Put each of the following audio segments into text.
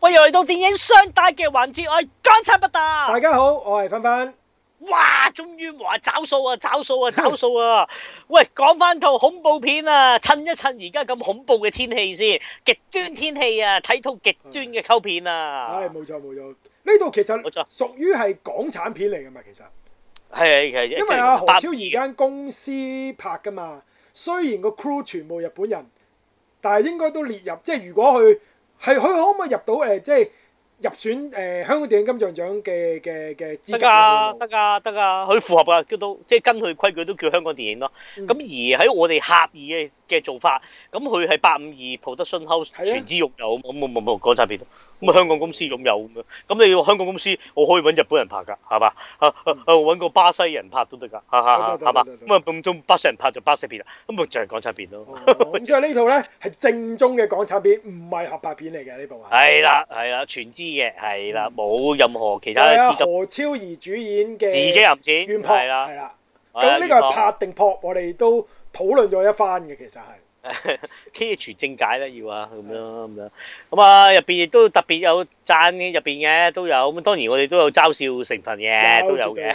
喂，又嚟到電影雙帶嘅環節，我係港產不打。大家好，我係分分。粉。哇，終於話找數啊，找數啊，找數啊！的喂，講翻套恐怖片啊，趁一趁而家咁恐怖嘅天氣先，極端天氣啊，睇套極端嘅溝片啊。唉，冇錯冇錯，呢套其實屬於係港產片嚟嘅嘛，其實係因為阿、啊、何超而間公司拍噶嘛，雖然個 crew 全部日本人，但係應該都列入，即係如果去。係佢可唔可以入到？誒、呃，即係。入選誒香港電影金像獎嘅嘅嘅資格，得啊得啊佢符合啊，都即係跟佢規矩都叫香港電影咯。咁而喺我哋狹義嘅嘅做法，咁佢係八五二抱德信口全資擁有，咁冇冇港產片，咁啊香港公司擁有咁樣，咁你要香港公司我可以揾日本人拍㗎，係嘛？啊我揾個巴西人拍都得㗎，係嘛？咁啊咁中巴西人拍就巴西片啦，咁咪就係港產片咯。咁所以呢套咧係正宗嘅港產片，唔係合拍片嚟嘅呢部啊。係啦係啦，全資。係啦，冇、嗯、任何其他、啊。係何超儀主演嘅自己任主。怨泊係啦，係啦。咁呢個係拍定泊，我哋都討論咗一番嘅，其實係。K H 正解啦，要啊，咁樣咁樣，咁啊入邊亦都特別有讚入邊嘅，都有咁。當然我哋都有嘲笑成分嘅，都有嘅。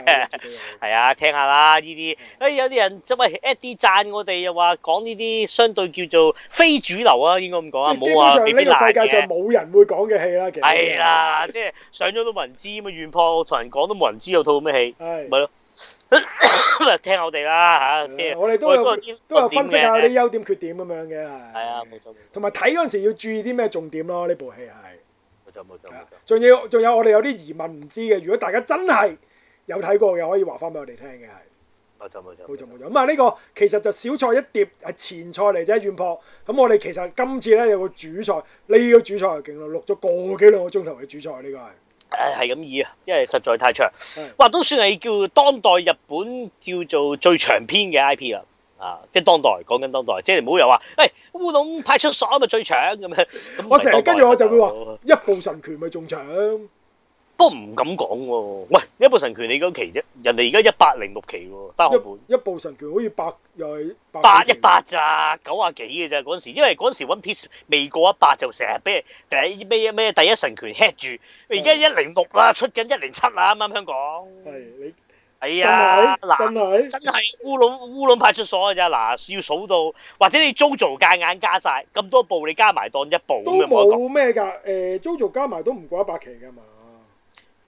係啊，聽下啦呢啲。哎，有啲人就咪 at 啲讚我哋，又話講呢啲相對叫做非主流啊，應該咁講啊，冇話邊邊世界上冇人會講嘅戲啦，其實係啦，即係上咗都冇人知，咪怨泊，同人講都冇人知有套咩戲。係。咯。聽我哋啦吓，我哋都都有分析下啲優點缺點咁樣嘅係。係啊，冇，同埋睇嗰陣時要注意啲咩重點咯。呢部戲係冇，仲要，仲有我哋有啲疑問唔知嘅，如果大家真係有睇過，嘅，可以話翻俾我哋聽嘅係。冇錯冇錯，冇冇咁啊呢個其實就小菜一碟，係前菜嚟啫，怨泊。咁我哋其實今次咧有個主菜，呢個主菜勁到錄咗個幾兩個鐘頭嘅主菜呢個係。誒，係咁易啊，因為實在太長，哇是的，都算係叫當代日本叫做最長篇嘅 IP 啦，啊，即係當代講緊當代，即係唔好又話，誒、哎，烏龍派出所咪最長咁樣，我成日跟住我就會話， 一步神拳咪仲長。都唔敢講喎、啊！喂，一部《神拳》你幾期啫？人哋而家、啊、一百零六期喎，單行本一部神《神拳》好似百又係百一百咋，九啊幾嘅咋嗰陣時。因為嗰陣時 One Piece 未過一百就成日俾人第咩咩第一神拳 head 住。而家一零六啦，出緊一零七啦，啱啱香港。係你哎呀，嗱，真係真係烏龍烏龍派出所嘅啫。嗱，要數到或者你 JoJo 界硬加曬咁多部，你加埋當一部都冇咩㗎。誒、呃、JoJo 加埋都唔過一百期㗎嘛～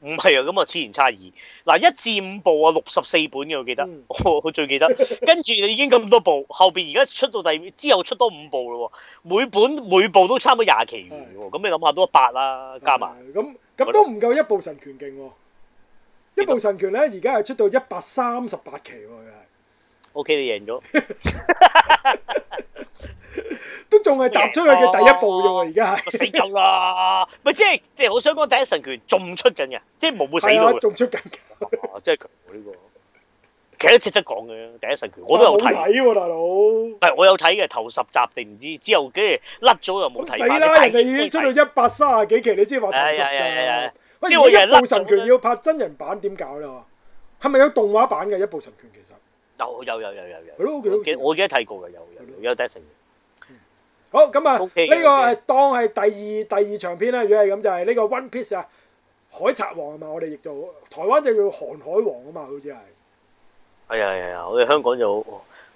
唔係啊，咁啊，此言差矣。嗱，一至五部啊，六十四本嘅，我記得。我、嗯、 最記得。跟住你已經咁多部，後邊而家出到第，之後出多五部咯喎。每本每部都差唔多廿期咁的你諗下都一百啦，加埋。咁咁、嗯、都唔夠一部《神拳》勁喎、啊。一部《神拳》呢，而家係出到一百三十八期喎，O K，你贏咗。 都仲係踏出去嘅第一步咋喎，而家係。死鳩啦！ 咪即係即係我想講《第一神拳》仲出緊嘅，即係冇會死到嘅。仲出緊嘅，即係強喎呢個。其實都值得講嘅，《第一神拳》我都有睇喎，大佬。唔係我有睇嘅頭十集定唔知之後跟住甩咗又冇睇。死啦！人哋已經出到一百三十幾期，你先話頭十集。即係一部《神拳》要拍真人版點搞咧？係咪有動畫版嘅一部《神拳》？其實有有有有有有。我都記得睇過嘅有有有《好咁啊！呢個誒當係第二第二場片啦，如果係咁就係呢個 One Piece 啊，海賊王啊嘛，我哋譯做台灣就叫航海王啊嘛，好似係。係啊係啊！我哋香港就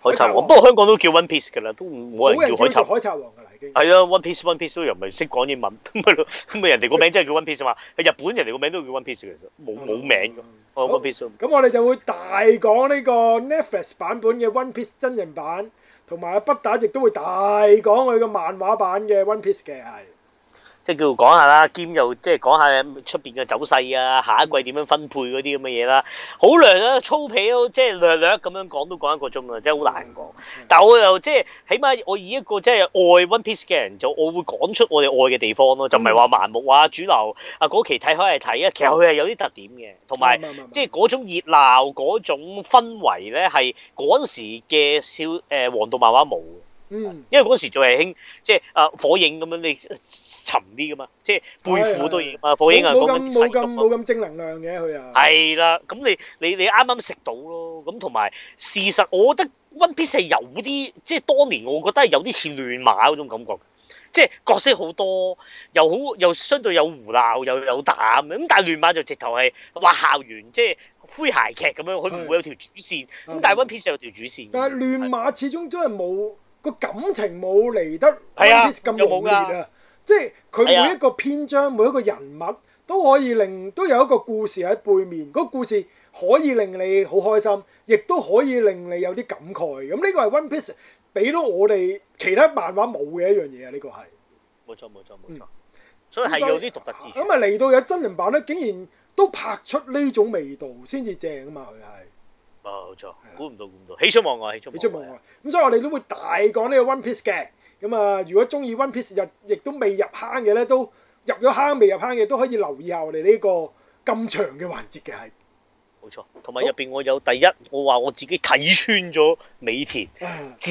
海賊王，不過香港都叫 One Piece 㗎喇，都冇人叫海賊海賊王㗎喇已經。係啊。One Piece One Piece 都又唔係識講英文，咪咯人哋個名真係叫 One Piece 啊嘛？日本人哋個名都叫 One Piece，其實冇冇名嘅，One Piece。咁我哋就會大講呢個 Netflix 版本嘅 One Piece 真人版。同埋阿不打亦都會大講佢嘅漫畫版嘅 One Piece 嘅係。即係叫做講下啦，兼又即係講下出邊嘅走勢啊，下一季點樣分配嗰啲咁嘅嘢啦，好難啊，粗皮都即係略略咁樣講都講一個鐘啊，真係好難講。嗯、但我又即係起碼我以一個即係愛 One Piece 嘅人做，就我會講出我哋愛嘅地方咯，就唔係話盲目話、啊、主流啊嗰期睇開係睇啊，其實佢係有啲特點嘅，同埋、嗯嗯嗯嗯、即係嗰種熱鬧嗰種氛圍咧，係嗰陣時嘅少誒黃道漫畫冇。嗯，因為嗰時仲係興，即係啊火影咁樣你沉啲㗎嘛，即係背負多嘢的火影啊冇咁冇咁冇咁正能量嘅佢啊。係啦，咁你你你啱啱食到咯，咁同埋事實，我覺得 One Piece 係有啲即係當年我覺得係有啲似亂馬嗰種感覺，即係角色好多，又好又相對有胡鬧又有打咁，但係亂馬就直頭係畫校園，即係詼諧劇咁樣，佢唔會有條主線，咁的但係 One Piece 有條主線。的但係亂馬始終都係冇。個感情冇嚟得《One Piece》咁濃烈啊！即係佢每一個篇章，哎、呀每一個人物都可以令，都有一個故事喺背面。個故事可以令你好開心，亦都可以令你有啲感慨。咁呢個係《One Piece》俾到我哋其他漫畫冇嘅一樣嘢、嗯、啊！呢個係冇錯，冇錯，冇錯。所以係有啲獨特之處。咁啊，嚟到有真人版咧，竟然都拍出呢種味道，先至正啊嘛！佢係。冇、哦、錯，估唔到估唔到，喜出望外，喜出望外。咁的所以我哋都會大講呢個 One Piece 嘅咁啊，如果鍾意 One Piece 又亦都未入坑嘅咧，都入咗坑未入坑嘅都可以留意下我哋呢個咁長嘅環節嘅係。冇錯，同埋入邊我有第一，哦、我話我自己睇穿咗尾田， 自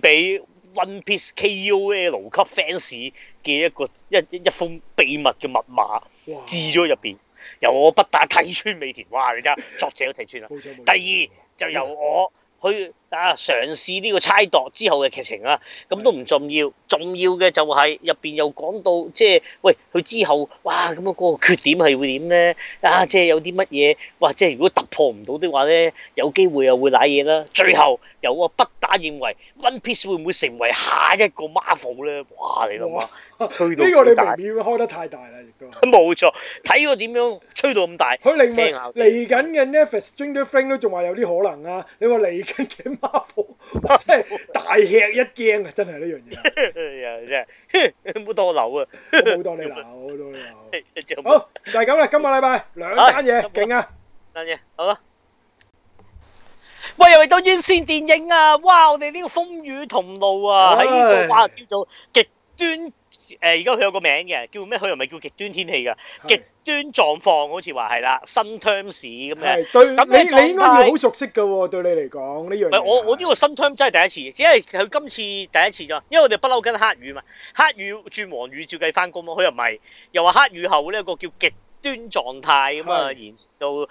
俾 One Piece K O L 級 fans 嘅一個一一封秘密嘅密碼，哇置咗入邊。由我不但睇穿美田，哇！你睇，作者都睇穿啦。 第二就由我去。啊！嘗試呢個猜度之後嘅劇情啊，咁都唔重要，重要嘅就係入邊又講到即係、就是、喂佢之後，哇！咁啊個缺點係會點咧？啊，即、就、係、是、有啲乜嘢？哇！即、就、係、是、如果突破唔到的話咧，有機會又會瀨嘢啦。最後有話、啊、不打認為，One Piece 會唔會成為下一個 Marvel 咧？哇！你諗下、啊，哇吹到呢個你唔會開得太大啦，亦都冇錯，睇我點樣吹到咁大。佢另外嚟緊嘅 Netflix Stranger Things 都仲話有啲可能啊！你話嚟緊嘅。啊！真係大吃一驚啊！真係呢樣嘢，又真係唔好當樓啊！唔好當你樓，好就係咁啦。今個禮拜兩單嘢，勁啊！單嘢好啊！喂，又嚟，到院線電影啊！哇！我哋呢個風雨同路啊，喺呢個話叫做極端。誒而家佢有個名嘅，叫咩？佢又唔係叫極端天氣噶。是極端狀況好似話係啦，新 terms 咁嘅。係咁樣你態你應該要好熟悉嘅喎、哦，對你嚟講呢樣。唔係我，我呢個新 term 真係第一次，只係佢今次第一次咗，因為我哋不嬲跟黑雨嘛，黑雨轉黃雨照計翻工啊嘛，佢又唔係，又話黑雨後呢個叫極。端狀態咁啊，延遲到午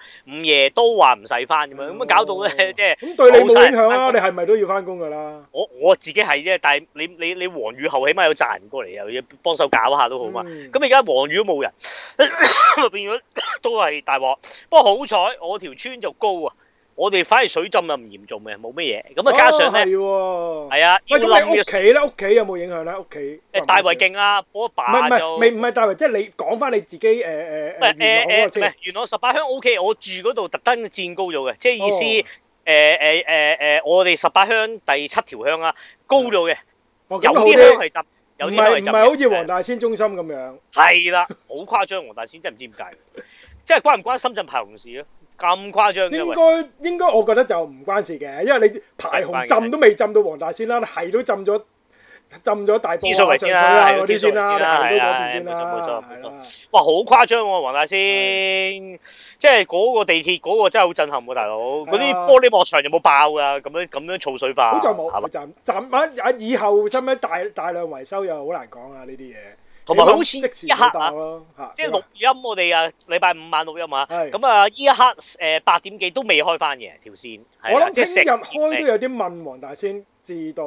夜都話唔使返咁啊，咁啊搞到咧即係對你冇影響啊！你係咪都要返工噶啦？我我自己係啫，但係你你你，你黃雨後起碼有責任過嚟啊，要幫手搞下都好嘛。咁而家黃雨都冇人， 變咗了 都係大鑊。不過好彩我條村就高啊！我哋反而水浸又唔嚴重嘅，冇乜嘢。咁啊，加上咧，係啊，要諗嘅屋企咧，屋企有冇影響咧？屋企誒大圍勁啊，我爸就唔係唔係大圍，即係你講翻你自己誒誒誒，原來十八鄉 O K，我住嗰度特登佔高咗嘅，即係意思誒誒誒誒，我哋十八鄉第七條鄉啊，高咗嘅，有啲鄉係浸，有啲鄉係浸唔係好似黃大仙中心咁樣，係啦，好誇張黃大仙真係唔知點解，即係關唔關深圳排洪事咯？咁誇張嘅，應該應該我覺得就唔關事嘅，因為你排洪浸都未浸到黃大仙啦，係都浸咗浸咗大水。啲數維修啦，啲先維修啦，係啊，冇錯冇錯冇錯。哇，好誇張喎，黃大仙，即係嗰個地鐵嗰個真係好震撼喎，大佬。嗰啲玻璃幕牆有冇爆㗎？咁樣咁樣滷水化？好在冇，冇浸浸。以後使唔使大大量維修又好難講啊，呢啲嘢。同埋佢好似一刻啊，啊即係錄音我、啊，我哋啊禮拜五晚錄音嘛、啊，咁是啊依一刻誒八、呃、點幾都未開翻嘅條線，啊、我諗即係成日開都有啲問黃大仙至到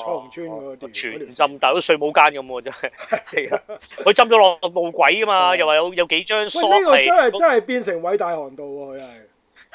彩虹村啲，哎、全浸大係好似睡帽間咁喎、啊，真係係啊，佢浸咗落路軌㗎嘛，哦、又話有有幾張疏呢、呢個真係真係變成偉大航道喎、啊，佢係。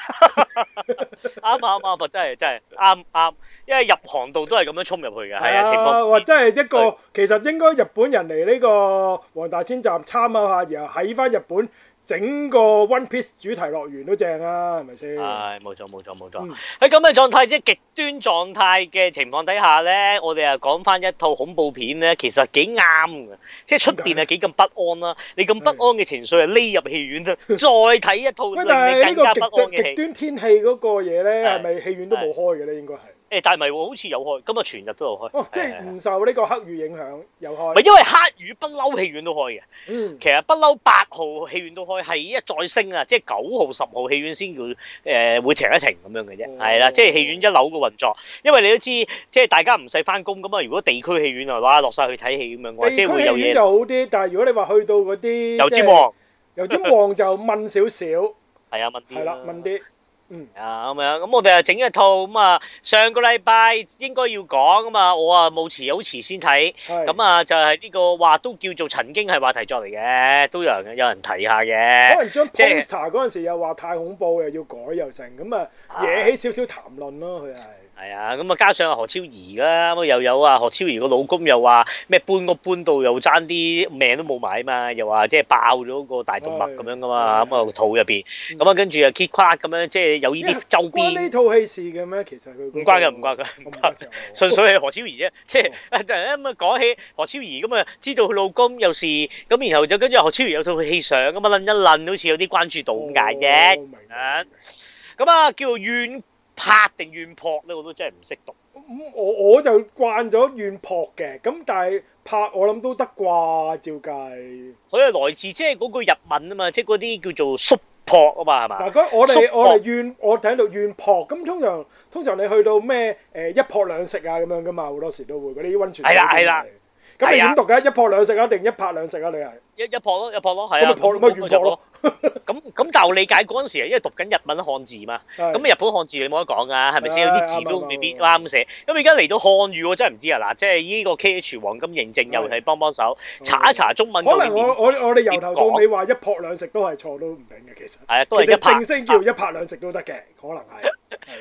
啱啊！啱啊！ 或真係真係啱啱，因為入航道都係咁樣衝入去嘅，係啊！情況，或真係一個，對其實應該日本人嚟呢個黃大仙站參考下，然後喺翻日本。整個 One Piece 主題樂園都正啊，係咪先？係、哎，冇錯冇錯冇錯。喺咁嘅狀態，即係極端狀態嘅情況底下咧，我哋啊講翻一套恐怖片咧，其實幾啱嘅，即係出邊係幾咁不安啦，你咁不安嘅情緒係匿入戲院啦，的再睇一套令你更加不安嘅，咁但係呢個極端極端天氣嗰個嘢咧，係咪戲院都冇開嘅咧？應該係。誒，但係咪喎？好似有開，今日全日都有開。哦、即係唔受呢個黑雨影響有開。因為黑雨不嬲戲院都開嘅。嗯。其實不嬲八號戲院都開，係一再升啊！即係九號、十號戲院先叫誒會停一停咁樣嘅啫。係啦、嗯，即係戲院一樓嘅運作。因為你都知，即係大家唔使返工咁啊。如果地區戲院嘅話，落晒去睇戲咁樣，地區戲院就好啲。但係如果你話去到嗰啲，油尖旺，油尖旺就問少少。係啊，問啲。係啦，問啲。嗯啊咁樣，咁我哋又整一套咁啊，上個禮拜應該要講啊嘛，我啊冇遲好遲先睇，咁是啊就係、是、呢個話都叫做曾經係話題作嚟嘅，都有人有人提下嘅。可能張 poster 嗰陣時又話太恐怖，又要改又成，咁啊惹起少少談論咯，佢係。係啊，咁啊加上阿何超儀啦，咁又有啊何超儀個老公又話咩搬個搬到又爭啲命都冇埋啊嘛，又話即係爆咗個大動脈咁樣噶嘛，咁啊肚入邊，咁啊跟住啊 keep cut 咁樣，的嗯、即係有呢啲周邊。呢套戲事嘅咩？其實佢唔、那個、關嘅，唔關嘅，唔純 粹係何超儀啫，即係咁啊講起何超儀咁啊，知道佢老公有事，咁然後就跟住何超儀有套戲上咁啊，捻一捻好似有啲關注度咁解啫。咁、哦嗯、啊叫怨。拍定怨撲咧，我都真係唔識讀。咁我我就慣咗怨撲嘅，咁但係拍我諗都得啩，照計。佢係來自即係嗰個日文啊嘛，即係嗰啲叫做、啊、縮撲啊嘛，係嘛？嗱，我哋我哋怨我哋喺度怨撲，咁通常通常你去到咩誒一撲兩食啊咁樣噶嘛，好多時都會嗰啲温泉。係啦係啦，咁你點讀嘅？一撲兩食啊，定一拍兩食啊？你係？一一撲咯，一撲咯，係啊，一撲咯，咁咁但係我理解嗰陣時啊，因為讀緊日文漢字嘛，咁日本漢字你冇得講㗎，係咪先？有啲字都未必啱寫。咁而家嚟到漢語，我真係唔知啊。嗱，即係呢個 KH 黃金認證又係幫幫手查一查中文，可能我哋由頭到尾話，你話一撲兩食都係錯都唔定嘅，其實係啊，其實定聲叫一撲兩食都得嘅，可能係。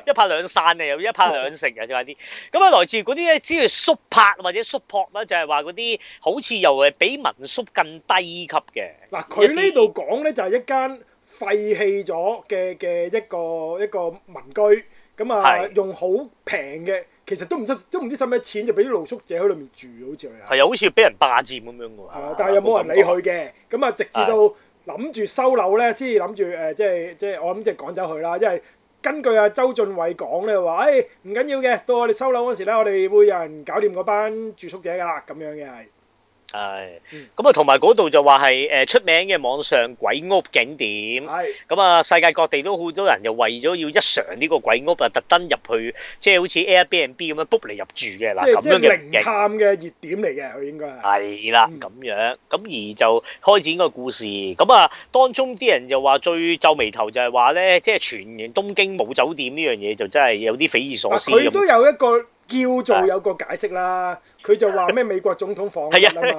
一拍兩散啊，又一拍兩成啊，即係啲咁啊，來自嗰啲咧，只係宿泊或者宿泊啦，就係話嗰啲好似又係比民宿更低級嘅。嗱，佢呢度講咧就係一間廢棄咗嘅嘅一個一個民居，咁啊是用好平嘅，其實都唔使都唔知使乜錢就俾啲露宿者喺裏面住，好似係。係啊，好似俾人霸佔咁樣喎。啊、但係又冇人理佢嘅，咁啊，直至到諗住收樓咧，先至諗住誒，即係即係我諗即係趕走佢啦，因為。根據啊，周俊偉講咧，話誒唔緊要嘅，到我哋收樓嗰時咧，我哋會有人搞掂嗰班住宿者㗎喇，咁樣嘅係。係，咁啊，同埋嗰度就話係誒出名嘅網上鬼屋景點，係是，咁啊、嗯，世界各地都好多人就為咗要一嘗呢個鬼屋啊，特登入去，即、就、係、是、好似 Airbnb 咁樣 book 嚟入，入住嘅，嗱是，咁樣嘅，即係靈探嘅熱點嚟嘅，佢應該係，係啦了，咁、嗯、樣，咁而就開展個故事，咁、嗯、啊當中啲人就話最皺眉頭就係話咧，即係傳言東京冇酒店呢樣嘢就真係有啲匪夷所思咁，都有一個叫做有個解釋啦，佢、啊、就話咩美國總統訪日啊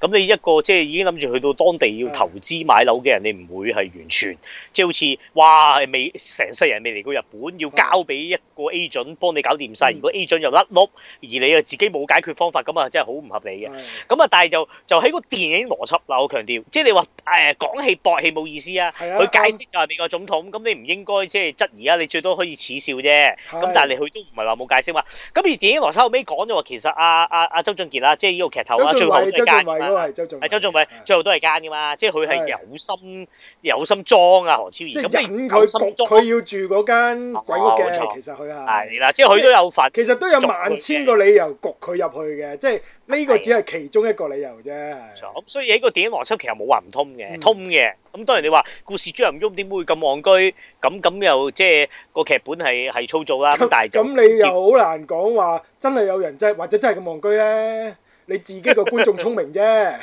咁你一個即係已經諗住去到當地要投資買樓嘅人，你唔會係完全即係好似哇未成世人未嚟過日本，要交俾一個 agent 幫你搞掂晒。如果 agent 又甩碌，而你又自己冇解決方法，咁啊真係好唔合理嘅。咁啊，但係就就喺個電影邏輯啦，我強調，即係你話誒講戲駁戲冇意思啊。佢解釋就係美國總統，咁你唔應該即係質疑啊，你最多可以恥笑啫。咁但係你佢都唔係話冇解釋嘛。咁而電影邏輯後尾講咗話，其實阿阿阿周俊傑啦，即係呢個劇透啦，最後嘅間。都係周俊，係周俊偉，最後都係奸噶嘛，即係佢係有心有是的 心，心裝啊，何超儀，咁，佢佢要住嗰間鬼屋嘅，哦、其實佢係係啦，即係佢都有份實，其實都有萬千個理由焗佢入去嘅，即係呢個只係其中一個理由啫。咁所以喺個電影邏輯其實冇話唔通嘅，嗯、通嘅。咁當然你話故事主人翁，點會咁戇居？咁咁又即係個劇本係係粗糙啦。咁但係咁你又好難講話，真係有人即係或者真係咁戇居咧？你自己個觀眾聰明啫，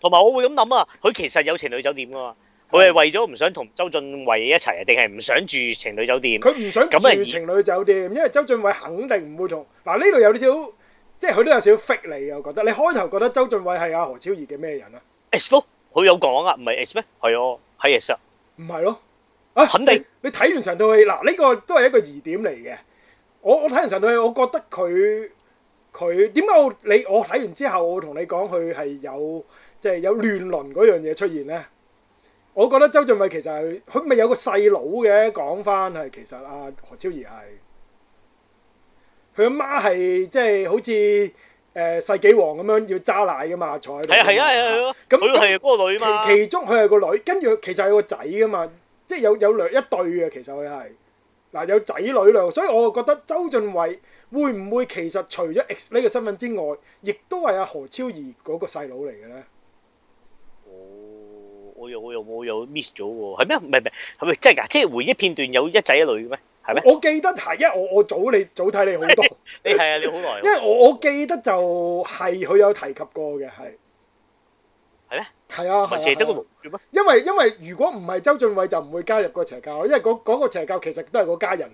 同埋我會咁諗啊！佢其實有情侶酒店噶嘛，佢係的為咗唔想同周俊偉一齊啊，定係唔想住情侶酒店？佢唔想住情侶酒店，因為周俊偉肯定唔會同嗱呢度有啲少，即係佢都有少少 fit 嚟。我覺得你開頭覺得周俊偉係阿何超儀嘅咩人啊？S 咯，佢有講啊，唔係 S 咩定？係哦，係 S 啊，唔係咯。啊肯定你睇完成套戲，嗱呢個都係一個疑點嚟嘅。我我睇完成套戲，我覺得佢。佢點解我你我睇完之後，我同你講佢係有即係有亂倫嗰樣嘢出現咧？我覺得周俊偉其實佢佢咪有個細佬嘅，講翻係其實阿何超儀係佢阿媽係即係好似誒世紀王咁樣要揸奶噶嘛，坐喺度。係啊係啊係啊！咁佢係個女嘛？其中佢係個女，跟住其實係個仔噶嘛，即係有有兩一對嘅。其實佢係嗱有仔女嘞，所以我覺得周俊偉。會唔會其實除咗 X 呢個身份之外，亦都係阿何超儀嗰個細佬嚟嘅咧？哦，我又我又我又 miss 咗喎，係咩？唔係唔係，係咪即係噶？即係、就是、回憶片段有一仔一女嘅咩？係咩？我記得係一，我我早你早睇你好多，你係啊，你好耐。因為我我， 我記得就係、是、佢有提及過嘅，係係咩？係嗎啊，唔係淨係得個龍、啊啊啊啊啊、因為因為，因為如果唔係周俊偉就唔會加入個邪教，因為嗰嗰個邪教其實都係個家人。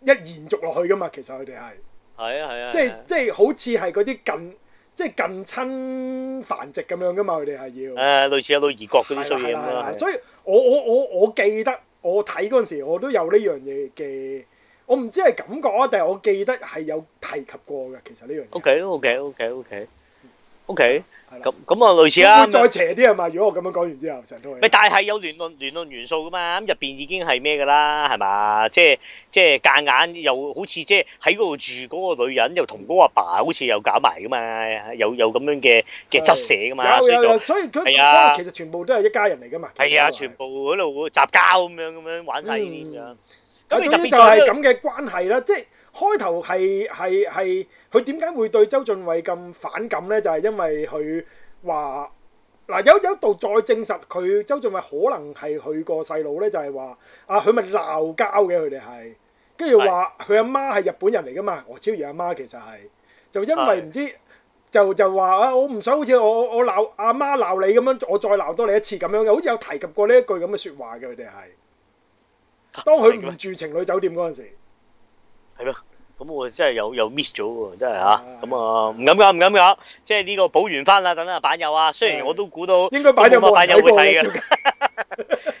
一延續落去㗎嘛，其實佢哋係係啊係啊，啊即係是、啊、即係好似係嗰啲近即係近親繁殖咁樣㗎嘛，佢哋係要啊，類似有到異國嗰啲需要啦。啊啊啊、所以我、我我我我記得我睇嗰陣時我、我都有呢樣嘢嘅。我唔知係感覺啊、定係我記得係有提及過嘅，其實呢樣嘢。O K O K O K O K O K，咁咁啊，類似啦，再邪啲係嘛？如果我咁樣講完之後，成套咪但係有亂倫亂倫元素噶嘛？咁入邊已經係咩噶啦？係嘛？即係即係夾硬又好似即係喺嗰度住嗰個女人，又同嗰個阿爸好似又搞埋噶嘛？又又咁樣嘅嘅側寫噶嘛？有有，所以佢啊，其實全部都係一家人嚟噶嘛？係啊，全部喺度雜交咁樣咁樣玩曬呢啲咁，咁你特別就係咁嘅關係啦，即係。開頭係係係，佢點解會對周俊偉咁反感咧？就係因為佢話嗱，有有一度再證實佢周俊偉可能係佢個細佬咧，就係話啊，佢咪鬧交嘅佢哋係，跟住話佢阿媽係日本人嚟噶嘛，何超儀阿媽，媽其實係就因為唔知的就就話啊，我唔想好似我我鬧阿媽鬧你咁樣，我再鬧多你一次咁樣，好似有提及過呢一句咁嘅説話嘅佢哋係。當佢唔住情侶酒店嗰陣時。的係咯，咁我真係又又 miss 咗喎，真係嚇，咁啊唔敢講，唔敢講，即係呢個補完翻啦，等等啊，版友啊，雖然我都估到，應該版友個會睇嘅，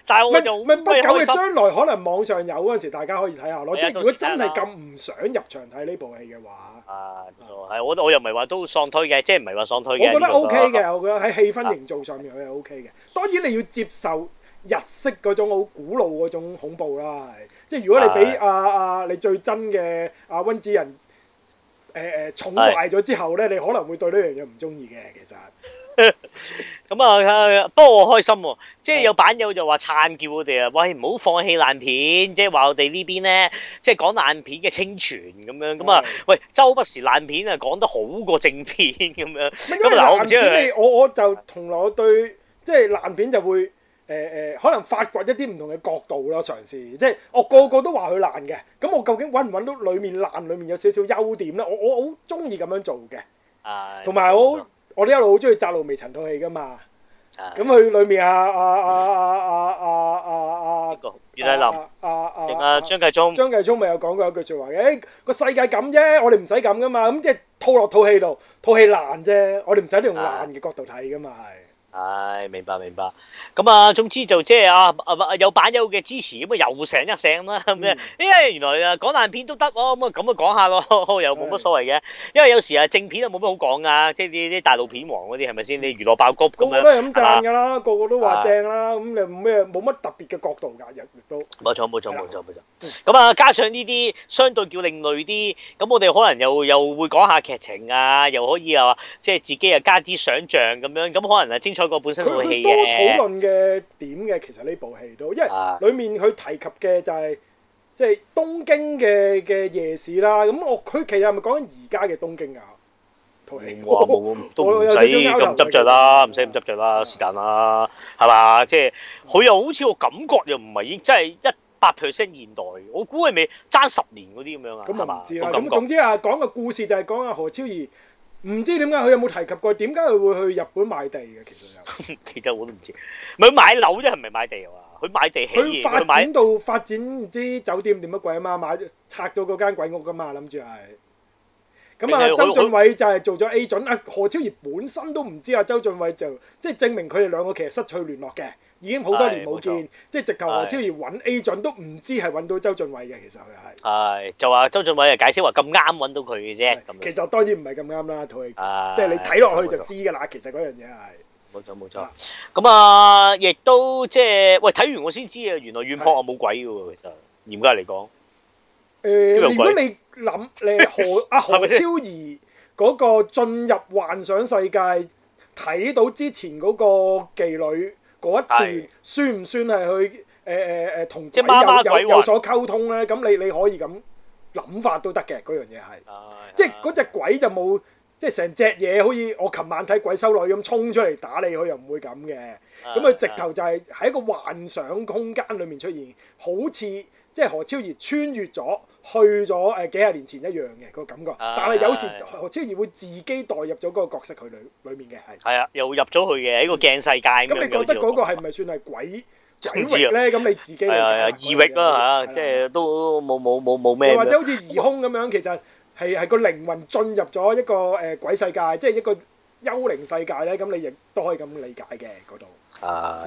但係我仲唔係不久嘅將來，可能網上有嗰陣時，大家可以睇下咯。即係如果真係咁唔想入場睇呢部戲嘅話，啊，係我我又唔係話都喪推嘅，即係唔係話喪推嘅，我覺得 O K 嘅，我覺得喺氣氛營造上面係 O K 嘅，當然你要接受。日式嗰種好古老嗰種恐怖啦，即係如果你俾阿阿你最憎嘅阿溫子仁誒誒寵壞咗之後咧，是的 你可能會對呢樣嘢唔中意嘅。其實咁啊，不過我開心喎、喔，即係有版友就話撐叫我哋啊，喂唔好放棄爛片，即係話我哋呢邊咧，即係講爛片嘅清泉咁樣，樣。咁啊，喂，周不時爛片啊講得好過正片咁樣。因為爛難片， 我 我就從來對即係爛片就會。誒誒，可能發掘一啲唔同嘅角度咯，嘗試即係我個個都話佢爛嘅，咁我究竟揾唔揾到裡面爛，裡面有少少優點咧？我我好中意咁樣做嘅，同埋好我哋一路好中意摘露未塵套戲噶嘛。咁佢、哎、呀裡面啊啊啊啊啊啊啊啊，葉大林啊啊張繼張繼聰，張繼聰咪有講過一句説話嘅？誒、哎、個世界咁啫，我哋唔使咁噶嘛。咁即係套落套戲度，套戲爛啫，我哋唔使用爛嘅角度睇噶嘛係。 唉，明白明白，咁、嗯、啊，總之就即、是、係啊啊有版友嘅支持咁啊，又醒一醒啦，咩、呃？原來啊，講爛片都得，咁、嗯、啊，咁啊，講下咯，又冇乜所謂嘅。因為有時是是、嗯、啊，正片都冇乜好講啊，即係啲啲大陸片王嗰啲係咪先？你娛樂爆谷咁樣，都係咁讚噶啦，個個都話正啦，咁你咩？冇乜特別嘅角度噶，亦都冇錯冇錯冇錯冇錯，咁啊，加上呢啲相對叫另類啲，咁我哋可能又又會講下劇情啊，又可以又話即係自己啊加啲想象咁樣，咁可能啊佢佢多討論嘅點嘅，其實呢部戲都，因為裡面佢提及嘅就係即係東京嘅嘅夜市啦。咁我佢其實係咪講緊而家嘅東京啊？套戲、嗯、我啊，冇咁執着啦，唔使咁執着啦，是但啦，係、就、嘛、係？即係佢又好似我感覺又唔係已經真係一百 percent 現代，我估係咪爭十年嗰啲咁樣啊？咁唔、嗯、知咁總之啊，講個故事就係講啊何超儀。唔知點解佢有冇提及過？點解佢會去日本買地嘅？其實佢有， 其實我都唔知。佢買樓啫，係咪買地啊？佢買地起佢發展到買發展唔知酒店點乜鬼啊嘛？買拆咗嗰間鬼屋噶嘛？諗住係。咁啊，周俊偉就係做咗 A 准啊，何超儀本身都唔知啊，周俊偉就即係證明佢哋兩個其實失去聯絡嘅，已經好多年冇見，即係直頭何超儀揾 A 准都唔知係揾到周俊偉嘅，其實佢係，係就話周俊偉啊，解釋話咁啱揾到佢嘅啫，咁其實當然唔係咁啱啦，佢即係你睇落去就知噶啦，其實嗰樣嘢係，冇錯冇錯，咁啊，亦都即係喂睇完我先知啊，原來怨泊啊冇鬼嘅喎，其實嚴格嚟講，誒，如果你。諗你何阿、啊、何超儀嗰個進入幻想世界睇到之前嗰個妓女嗰一段，是算唔算係去誒誒誒同鬼有媽媽鬼有，有所溝通咧？咁你你可以咁諗法都得嘅，嗰樣嘢係，即係嗰隻鬼 uh, uh, 就冇，即係成隻嘢好似我琴晚睇《鬼修女》咁衝出嚟打你，佢又唔會咁嘅。咁佢直頭就係喺一個幻想空間裏面出現，好似即係何超儀穿越咗。去咗誒幾廿年前一樣嘅、嗰個感覺，但係有時何超儀會自己代入咗嗰個角色裡去裏裏面嘅係係啊，又入咗去嘅喺個鏡世界咁。你覺得嗰個係咪算係鬼鬼域咧？咁你自己嚟解、啊啊、異域啦嚇，即係都冇冇冇冇咩，或者好似疑空咁樣，我 其實係係個靈魂進入咗一個誒鬼世界，即、就、係、是、一個幽靈世界咧。咁你亦都可以咁理解嘅嗰度。嗯嗯、啊，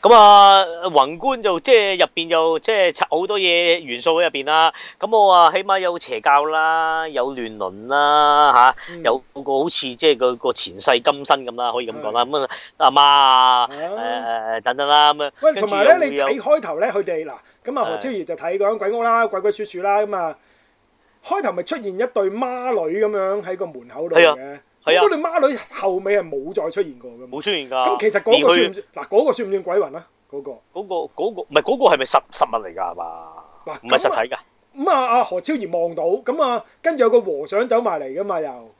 咁啊宏觀就即係入邊又即係好多嘢元素喺入邊啦。咁我話、啊、起碼有邪教啦，有亂倫啦，吓、啊嗯、有個好似即係個前世今生咁啦，可以咁講啦。咁啊阿媽啊，誒等等啦咁啊。喂，同埋咧，你睇開頭咧，佢哋嗱，咁啊何超儀就睇嗰間鬼屋啦，鬼鬼祟祟啦，咁啊開頭咪出現一對孖女咁樣喺個門口度嘅。的嗰對孖女後尾係冇再出現過嘅，冇出現噶。咁其實嗰個算唔算嗱？嗰個算唔算鬼魂啊？嗰個嗰個嗰個唔係嗰個係咪實實物嚟噶嘛？嗱，唔係實體噶。咁啊啊何超儀望到，咁啊跟住有個和尚走埋嚟噶嘛又，又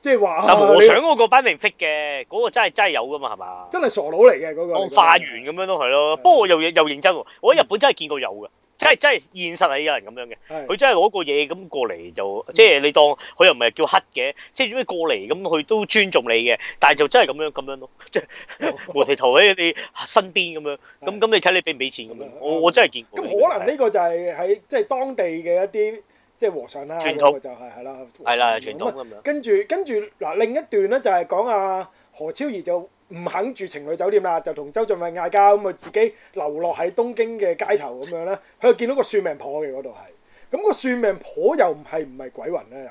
即係話。但和尚我嗰班明 fit 嘅，嗰個真係真係有噶嘛，係嘛？真係傻佬嚟嘅嗰個，那個、化緣咁樣都係咯。是啊、不過又又認真喎，我喺日本真係見過有嘅。即係真係現實係有人咁樣嘅，佢的真係攞個嘢咁過嚟就，即係你當佢又唔係叫乞嘅，即係點樣過嚟咁佢都尊重你嘅，但係就真係咁樣咁樣咯，即係無時無刻喺你身邊咁樣，咁咁 你睇你俾唔俾錢咁樣，的我的我真係見過。咁、嗯、可能呢個就係喺即係當地嘅一啲即係和尚啦。傳統就係係啦，係啦傳統咁樣。跟住跟住嗱、啊、另一段咧就係講阿何超儀就。唔肯住情侶酒店啦，就同周俊偉嗌交，咁啊自己流落喺東京嘅街頭咁樣啦。佢又見到個算命婆嘅嗰度係，咁個算命婆又唔係唔係鬼魂咧又？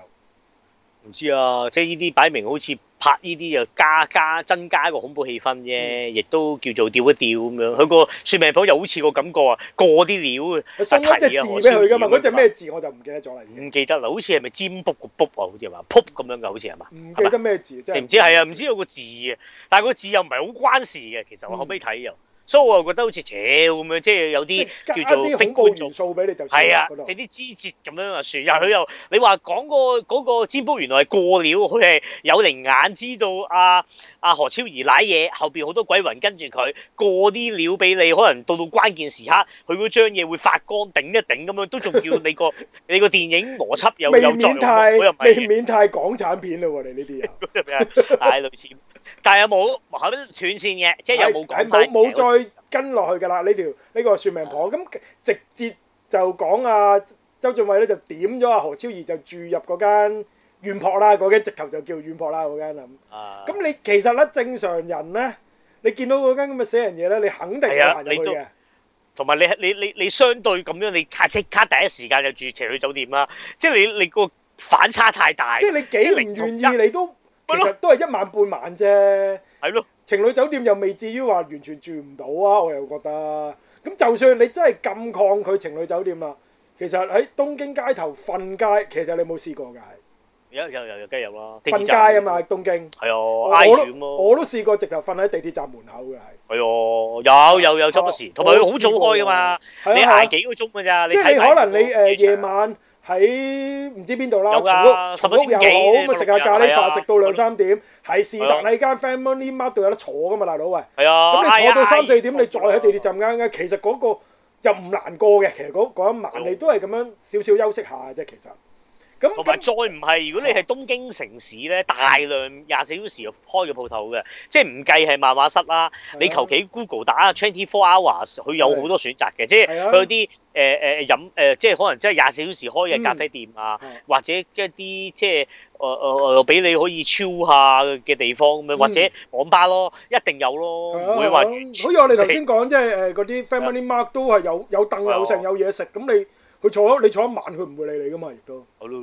唔知啊，即係呢啲擺明好似拍呢啲又加加增加一個恐怖氣氛啫，亦都叫做吊一吊咁樣。佢個算命婆又好似個感覺啊，過啲料啊。佢送一隻字俾佢噶嘛，嗰隻咩字我就唔記得咗啦。唔記得啦，好似係咪占卜個卜啊？好似話卜咁樣嘅，好似係嘛？唔記得咩字，即係唔知係啊，唔知有個字啊，但係個字又唔係好關事嘅，其實我後尾睇又。所以、so，我又覺得好似扯咁樣，即係有啲叫做飛過元素俾你，就係啊，整啲枝節咁樣話樹。又佢又你話講個嗰個占卜，原來係過料，佢係有靈眼知道阿、啊、阿、啊、何超儀賴嘢，後邊好多鬼魂跟住佢過啲料俾你，可能到到關鍵時刻，佢嗰張嘢會發光，頂一頂咁樣，都仲叫你個 你個電影邏輯有有作用。佢又未免太港產片嘞喎，你呢啲人係類似，但係又冇後尾斷線嘅，即係又冇講冇再。跟落去噶啦，呢條呢個算命婆咁、嗯、直接就講啊，周俊偉咧就點咗啊何超儀就住入嗰間怨泊啦，嗰間直頭就叫怨泊啦嗰間啦。啊！咁、嗯、你其實咧正常人咧，你見到嗰間咁嘅死人嘢咧，你肯定會行入去、啊、你去嘅。同埋你你你你，你相對咁樣，你即刻第一時間就住情侶酒店啦，即係你你個反差太大。即係你幾唔願意嚟都，的都係一晚半晚啫。係咯。情侶酒店又未至於話完全住唔到啊！我又覺得咁，就算你真係咁抗拒情侶酒店啦，其實喺東京街頭瞓街，其實你有冇試過㗎？係，有有有有，梗係有啦。瞓街啊嘛，東京係啊，挨住咯，我都試過直頭瞓喺地鐵站門口嘅。係。係啊，有有有，執不時，同埋佢好早開㗎嘛，你挨幾個鐘㗎咋？即係你可能你誒夜晚。喺唔知邊度啦，茶屋又好，咁啊食下咖喱飯，食到兩三點，係是但你間 FamilyMart 都有得坐㗎嘛，大佬喂。咁你坐到三四點，你再喺地鐵站啱啱，其實嗰個就唔難過嘅，其實嗰一晚你都係咁樣少少休息下嘅啫，其實。同埋再唔係，如果你係東京城市咧，嗯、大量廿四小時開嘅鋪頭嘅，即係唔計係漫畫室啦，的你求其 Google 打下 twenty four hours，佢有好多選擇嘅的、呃呃呃，即係佢有啲誒誒飲誒，即係可能即係廿四小時開嘅咖啡店啊、嗯呃，或者一啲即係誒誒俾你可以超下嘅地方咁樣，或者網吧咯，一定有咯，唔的、嗯、會話好似我哋頭先講即係誒嗰啲 Family Mart 都係有有凳有成有嘢食，咁你。佢坐你坐一晚，佢唔會理你㗎嘛，亦都係咯。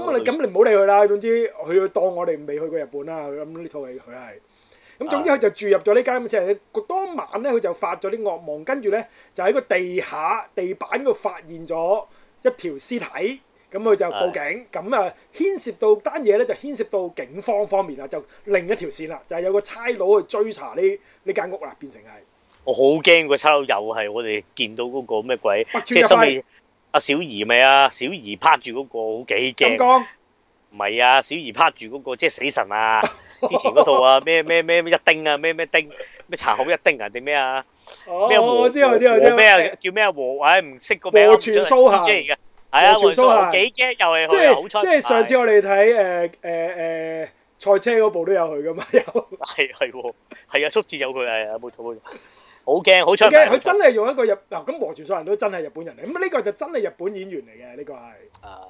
咁你咁你唔好理佢啦。總之佢當我哋未去過日本啦。咁呢套戲佢係咁總之佢就住入咗呢間咁嘅事。啊、當晚咧，佢就發咗啲惡夢，跟住咧就喺個地下地板度發現咗一條屍體。咁佢就報警，咁啊牽涉到單嘢咧，就牽涉到警方方面啦，就另一條線啦，就係、是、有個差佬去追查呢呢間屋啦，變成係我好驚、嗰個差佬又係我哋見到嗰個咩鬼，即、就、係、是阿小儀咪啊，小儀拍住嗰個好幾驚，唔係啊，小儀拍住嗰個即係死神啊，之前嗰套啊咩咩咩一丁啊，咩咩丁咩查口一丁啊定咩啊？哦，我知我知我知，叫咩和唉，唔識個名，我全蘇下，係啊，全蘇下幾驚，又係即係即係上次我哋睇誒誒誒賽車嗰部都有佢噶嘛，又係係係啊，叔子有佢係啊，冇錯冇錯。好驚，好彩。佢真係用一個日本，嗱咁和全上人都真係日本人嚟，咁呢個就真係日本演員嚟嘅，呢個係。啊，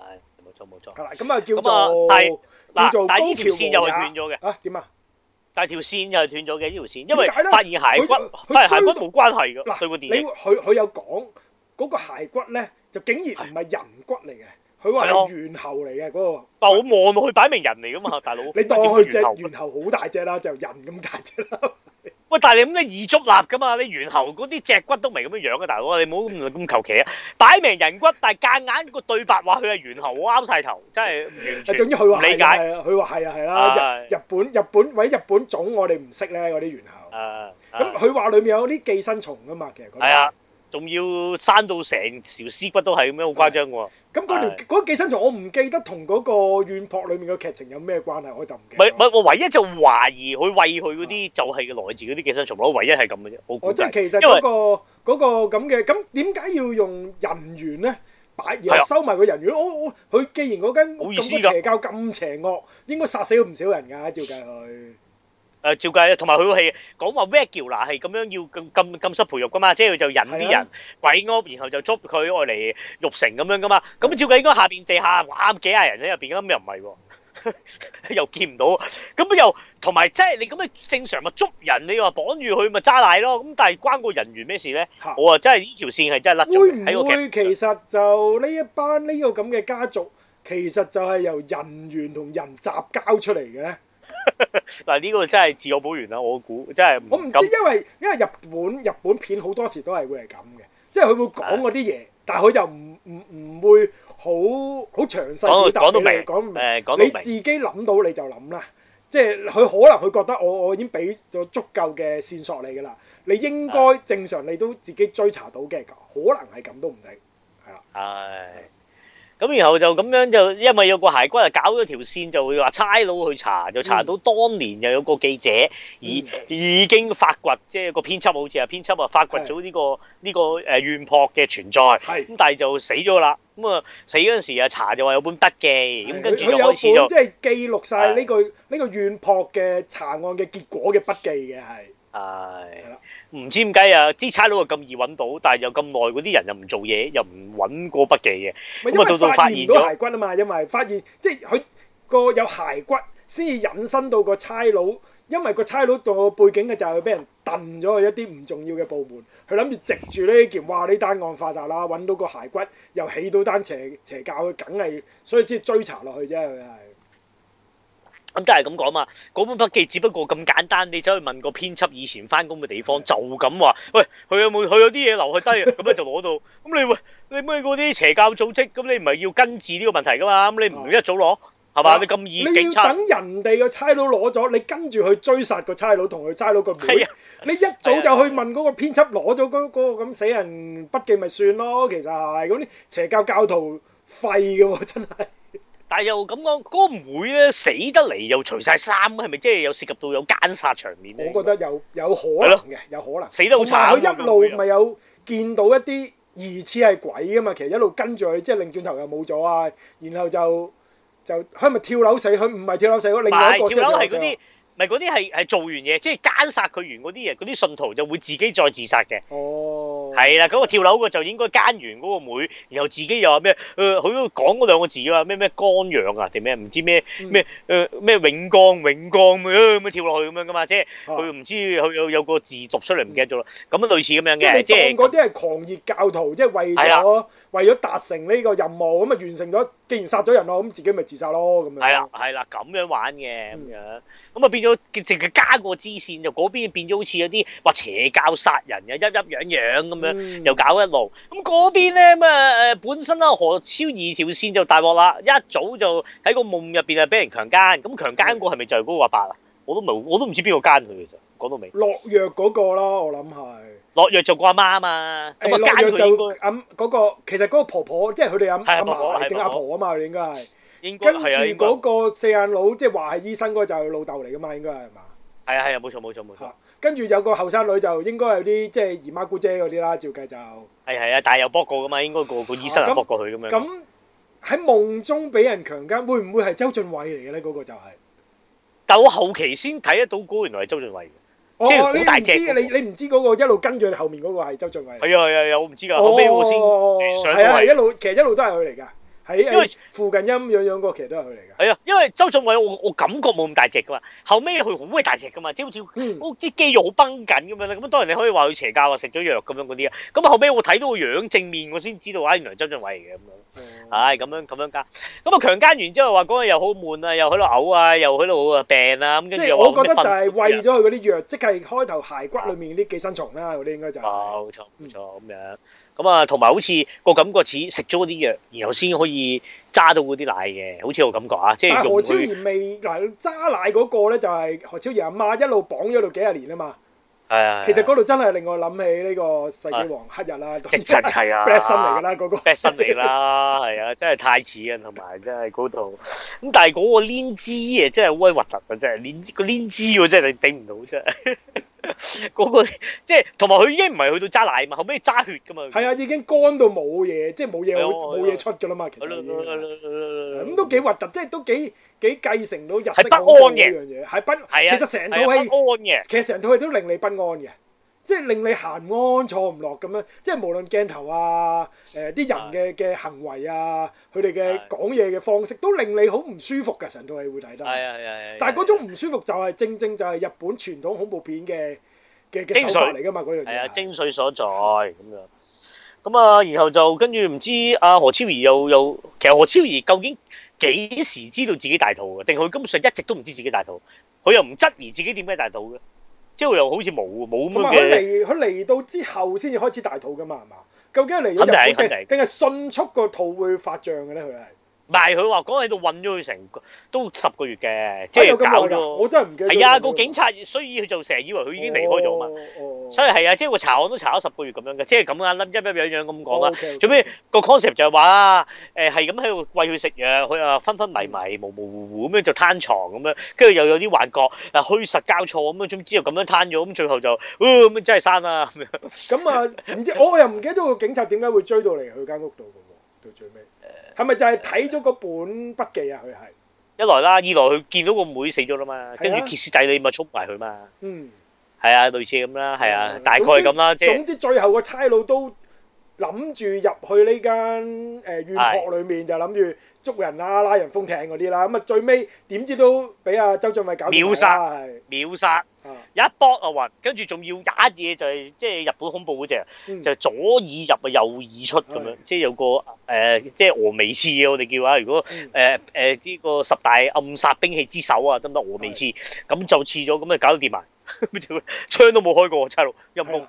冇錯冇錯。咁啊，叫做係嗱，但係呢條線又係斷咗嘅。啊，點啊？但係條線又係斷咗嘅呢條線，因為發現骸骨，發現骸骨冇關係噶。嗱，你佢佢有講嗰個骸骨咧，就竟然唔係人骨嚟嘅，佢話係猿猴嚟嘅嗰個。但我望落去，擺明人嚟噶嘛，大佬。你當佢隻猿猴好大隻啦，就人咁大隻啦。但係你咁咩二足立噶嘛？你猿猴嗰啲脊骨都唔係咁嘅樣啊！大佬，你唔好咁求其啊！擺明人骨，但係夾硬個對白話佢係猿猴，我拗晒頭，真係唔明。誒，總之佢話解，佢話係啊，係啦。日本，日本或者日本種我，我哋唔識咧嗰啲猿猴。誒、啊，咁佢話裏面有啲寄生蟲噶嘛？其實。係啊，仲要生到成條屍骨都係咁樣，好誇張喎！啊啊咁嗰條寄、uh, 生蟲，我唔記得同嗰個怨泊裏面嘅劇情有咩關係，我就唔記。唔係唔係，我唯一就懷疑佢餵佢嗰啲就係來自嗰啲寄生蟲咯。我唯一係咁嘅啫，我、哦、即係其實嗰、嗰個嗰咁嘅，咁點解要用人員咧？擺而家收埋個人員，我我佢既然嗰間咁邪教咁邪惡，應該殺死咗唔少人㗎，照計佢。誒、呃，照計，同埋佢係講話 regular 係咁樣要咁咁咁濕培育噶嘛，即係佢就引啲人鬼屋，然後就捉佢愛嚟育成咁樣噶嘛。咁照計應該下邊地下哇幾廿人喺入邊，咁又唔係喎， 又見唔到。咁又同埋即係你咁樣正常咪捉人？你話綁住佢咪揸奶咯？咁但係關個人緣咩事咧？我話真係呢條線係真係甩咗。會唔會其實就呢一班呢個咁嘅家族，其實就係由人緣同人雜交出嚟嘅咧？嗱 呢個真係自我保原啦，我估真係。我唔知，因為因為日本日本片好多時都係會係咁嘅，即係佢會講嗰啲嘢，但係佢就唔唔唔會好好詳細，講講到明，講明，你自己諗到你就諗啦。即係佢可能佢覺得我我已經俾咗足夠嘅線索你噶啦，你應該正常你都自己追查到嘅，可能係咁都唔定，係啦。誒的。咁然後就咁樣就，因為有個鞋骨啊，搞咗條線就會話差佬去查，就查到當年又有個記者已、嗯、已經發掘，即係個編輯好似啊，編輯啊發掘咗呢個呢是的、這個誒怨泊嘅存在，咁是的 但係就死咗啦。咁啊死嗰陣時啊查就話有本筆記，咁跟住又開始就即係記錄晒呢個呢、這個怨泊嘅查案嘅結果嘅筆記嘅係。係，唔唉的知點解啊？支差佬又咁易揾到，但係又咁耐，嗰啲人又唔做嘢，又唔揾過筆記嘅。咁啊，到到發現，發現到骸骨啊嘛，因為發現即係佢個有骸骨先至引申到個差佬。因為個差佬到背景嘅就係俾人揼咗去一啲唔重要嘅部門。佢諗住藉住呢件，哇！呢單案發達啦，揾到個骸骨又起到單邪邪教，佢梗係，所以先追查落去啫。佢係。咁即係咁講嘛，嗰本筆記只不過咁簡單，你走去問個編輯以前翻工嘅地方，就咁話，喂，佢有冇佢有啲嘢留佢低，咁咧就攞到。咁 你喂，你咩嗰啲邪教組織，咁你唔係要根治呢個問題噶嘛？咁你唔一早攞，係嘛、啊？你咁易警察？等人哋個差佬攞咗，你跟住去追殺個差佬同佢差佬個妹。哎、呀你一早就去問嗰個編輯攞咗嗰個咁、嗰個、死人筆記，咪算咯？其實係咁，邪教教徒廢嘅喎，真係。 但係又咁講，嗰個妹咧死得嚟又除晒衫，係咪即係有涉及到有姦殺場面咧？我覺得有有可能嘅，有可能死得好慘。佢一路咪有見到一啲疑似係鬼啊嘛，其實一路跟住佢，即係擰轉頭又冇咗啊。然後就就佢咪跳樓死，佢唔係跳樓死，個另一個跳樓係嗰啲，唔係嗰啲係係做完嘢，即係姦殺佢完嗰啲嘢，嗰啲信徒就會自己再自殺嘅。哦。係啦，嗰個跳樓嘅就應該奸完嗰個妹，然後自己又話咩？誒，佢講嗰兩個字啊，咩咩乾氧啊定咩？唔知咩咩誒咩永光永光咁樣跳落去咁樣噶嘛？即係佢唔知佢有有個字讀出嚟，唔記得咗啦。咁啊類似咁樣嘅，即係嗰啲係狂熱教徒，即係為咗為咗達成呢個任務，咁啊完成咗。既然殺咗人咯，咁自己咪自殺咯咁樣。係啦，係啦，咁樣玩嘅咁樣，咁啊變咗淨加個支線，就嗰邊變咗好似有啲話邪教殺人嘅，一一樣樣咁樣又搞一路，咁嗰邊咧啊誒本身啦何超二條線就大鑊啦，一早就喺個夢入邊啊俾人強奸，咁強奸個係咪就係嗰個阿伯啊？我都冇，我都唔知邊個奸佢嘅啫。講到尾，落藥嗰個啦，我諗係落藥做個阿媽嘛，咁啊姦就阿嗰個其實嗰個婆婆，即係佢哋阿阿嫲定阿婆啊嘛，應該係。應該係啊。跟住嗰個四眼佬，即係話係醫生嗰就老豆嚟噶嘛，應該係嘛？係啊係啊，冇錯冇錯冇錯。跟住有個後生女就應該有啲即係姨媽姑姐嗰啲啦，照計就係係啊，但係有搏過噶嘛，應該個個醫生啊搏過佢咁樣。咁喺夢中俾人強姦，會唔會係周俊偉嚟嘅咧？嗰個就係，但係我後期先睇得到嗰，原來係周俊偉。哦，你唔知你你唔知嗰個一路跟住後面嗰個係周俊偉。係啊係啊，我唔知噶，後尾我先上到嚟，一路其實一路都係佢嚟嘅。喺因為附近音樣樣個其實都係佢嚟嘅。係啊，因為周俊偉我我感覺冇咁大隻噶嘛，後尾佢好鬼大隻噶嘛，即好似啲肌肉好崩緊咁樣咁啊，當然你可以話佢邪教啊，食咗藥咁樣嗰啲啊。咁啊，後尾我睇到個樣正面，我先知道啊，原來周俊偉嚟嘅咁樣。唉，咁樣咁樣加。咁啊，強奸完之後話嗰日又好悶啊，又喺度嘔啊，又喺度病啊，咁跟住我覺得就係喂咗佢嗰啲藥，即係開頭鞋骨裡面啲寄生蟲啦，嗰啲應該就係。冇錯，冇錯咁樣。咁啊，同埋好似個感覺似食咗啲藥，然後先可以揸到嗰啲奶嘅，好似我感覺啊，即係何超儀未嗱揸奶嗰個咧，就係何超儀阿媽一路綁咗到幾十年啊嘛。係啊。其實嗰度真係令我諗起呢個《世紀王黑日》啦，激情係啊。b e s d 生嚟啦嗰個、啊。Bad 生嚟啦，係 啊，真係太似啊，同埋真係嗰度。咁但係嗰個攣枝啊，真係好鬼核突啊！真係攣、嗰個攣枝喎，真係頂唔到真係。嗰個即係同埋佢已經唔係去到揸奶嘛，後屘揸血噶嘛，係啊，已經乾到冇嘢，即係冇嘢冇嘢出㗎啦嘛，其實咁、 嗯、都幾核突，即係都幾幾繼承到日式係不安嘅樣嘢，係 不，係啊，其實成套戲其實成套戲都令你不安嘅，即係令你行唔安坐唔落咁樣，即係無論鏡頭啊，誒、呃、啲人嘅嘅行為啊，佢哋嘅講嘢嘅方式都令你好唔舒服嘅、啊。成套戲會睇得，係啊係啊。但係嗰種唔舒服就係、是、正正就係日本傳統恐怖片嘅嘅手法嚟㗎嘛。嗰樣係啊精髓所在咁樣。咁啊，然後就跟住唔知阿、啊、何超儀又又，其實何超儀究竟幾時知道自己大肚嘅？定佢根本上一直都唔知自己大肚？佢又唔質疑自己點解大肚嘅？之後又好似冇冇咁佢嚟，佢嚟到之後先至開始大肚噶嘛，係嘛？究竟嚟咗日本定係是迅速個肚會發脹嘅咧？佢係？唔係佢話講喺度韞咗佢成個都十個月嘅，即係搞咗。我真係唔記得。係啊，個警察所以佢就成日以為佢已經離開咗嘛。所以係啊，即係個查案都查咗十個月咁樣嘅，即係咁樣諗一不樣樣咁講啊，做咩最個 concept 就係話啦，誒係咁喺度餵佢食藥，佢啊昏昏迷迷、模模糊糊咁樣就攤床咁樣，跟住又有啲幻覺，嗱，虛實交錯咁樣，之後咁樣攤咗，咁最後就，啊真係山啦咁啊，唔知我又唔記得咗個警察點解會追到嚟佢間屋度嘅喎，到最尾。係咪就係睇咗嗰本筆記啊？佢係一來啦，二來佢見到個妹，妹死咗啦嘛，跟住揭絲底你咪衝埋佢嘛。嗯，係啊，類似咁啦，係啊，嗯、大概咁啦、嗯。總之，就係、總之最後個差佬都，諗住入去呢間誒院學裡面就諗住捉人啦、拉人封艇嗰啲啦，咁啊最尾點知都俾阿周俊偉搞秒殺，秒殺！一搏啊雲，跟住仲要一嘢就係即係日本恐怖嗰隻，就左耳入啊右耳出咁樣，即係有個誒即係峨眉刺我哋叫啊！如果誒誒呢個十大暗殺兵器之首啊，得唔得？峨眉刺咁就刺咗，咁啊搞到掂埋，乜嘢？槍都冇開過，差佬陰功，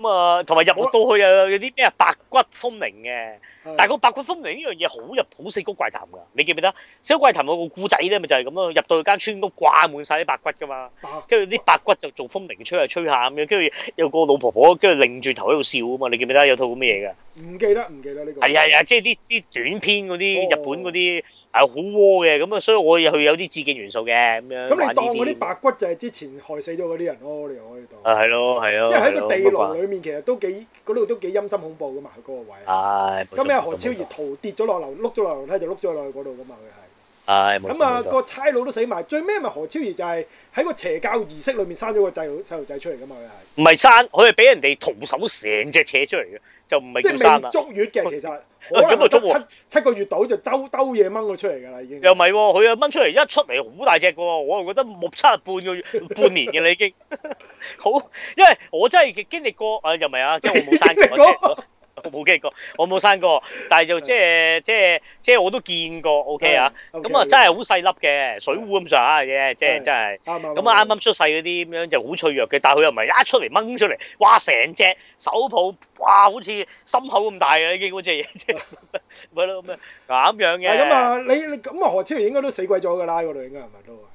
咁啊，同埋入到去又有啲咩白骨風鈴嘅。但個白骨風鈴呢樣嘢好入，好似《四谷怪談》㗎。你記唔記得《四谷怪談》個個古仔咧，咪就係咁咯？入到間村都掛滿晒啲白骨㗎嘛，跟住啲白骨就做風鈴吹下吹下咁樣，跟住有個老婆婆跟住擰住頭喺度笑啊嘛。你記唔記得有套咁嘅嘢㗎？唔記得，唔記得呢個。係係係，即係啲啲短篇嗰啲日本嗰啲係好窩嘅咁啊，所以我有有啲致敬元素嘅咁樣。咁你當啲白骨就係之前害死咗嗰啲人咯？你又可以當？係咯係咯，因為喺個地牢裡面其實都幾嗰度都幾陰森恐怖㗎嘛，嗰個位。係。咩何超儀逃跌咗落樓，碌咗落樓梯就碌咗落去嗰度噶嘛？佢係，係。咁、哎、啊，個差佬都死埋，最尾咪何超儀就係喺個邪教儀式裏面生咗個細路細路仔出嚟噶嘛？佢係，唔係生，佢係俾人哋徒手成隻扯出嚟嘅，就唔係叫生啦。即係未足月嘅，其實他可能足七七個月到就周兜嘢掹咗出嚟噶啦，已經。又唔係喎，佢啊掹出嚟一出嚟好大隻嘅、哦、喎，我又覺得目測啊半個月 半年嘅啦已經。好，因為我真係經歷過，啊又唔係啊，即係 我冇生過。 我冇經歷過，我冇生過，但係就係、 即係即係即係我都見過，OK 啊？咁啊，真係、嗯、好細粒嘅水壺咁上下嘅，即係真係。咁啊，啱啱出世嗰啲咁樣就好脆弱嘅，但係佢又唔係一出嚟掹出嚟，哇！成隻手抱，哇！好似心口咁大嘅 樣、 嗯，你見嗰隻嘢即係，咪咯咁啊？咁樣嘅。咁啊，你你咁啊，何超盈應該都死鬼咗㗎啦，嗰度應該係咪都？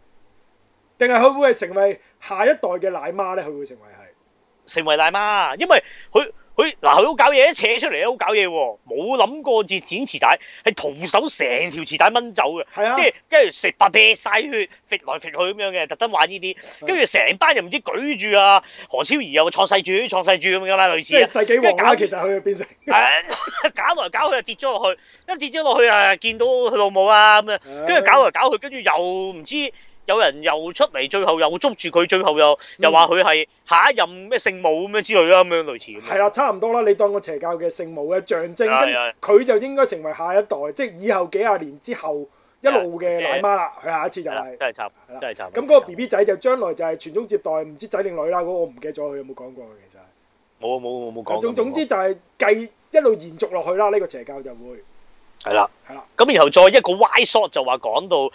定係佢會係成為下一代嘅奶媽咧？佢會成為係成為奶媽，因為佢。佢嗱，佢好搞嘢，一扯出嚟好搞嘢喎！冇諗過自剪臍帶，係徒手成條臍帶掹走嘅，是啊、即係跟住食白跌曬血，揈來揈去咁樣嘅，特登玩呢啲，跟住成班人唔知舉住啊，何超儀又創世主、創世主咁樣啦，類似世啊，即係搞，其實佢變成， 搞來搞去又跌咗落去，一跌咗落去啊，見到佢老母啊咁樣，跟住是、啊、搞嚟搞去，跟住又唔知。有人又出嚟，最後又捉住佢，最後又又話佢係下一任咩聖母咁樣之類啦，咁樣、嗯、類似咁。係啊，差唔多啦。你當個邪教嘅聖母嘅象徵，的跟佢就應該成為下一代，的即係是以後幾十年之後一路嘅奶媽啦。佢的下一次就係、是，真係差，了真係差。咁嗰個 B B 仔就將來就係傳宗接代，唔知仔定女啦。嗰、那個我唔記得咗，佢有冇講過其實。冇冇冇講過。總之就係繼一路延續落去啦。呢、這個邪教就會。係啦，咁然後再一個 Y shot 就話講到嗰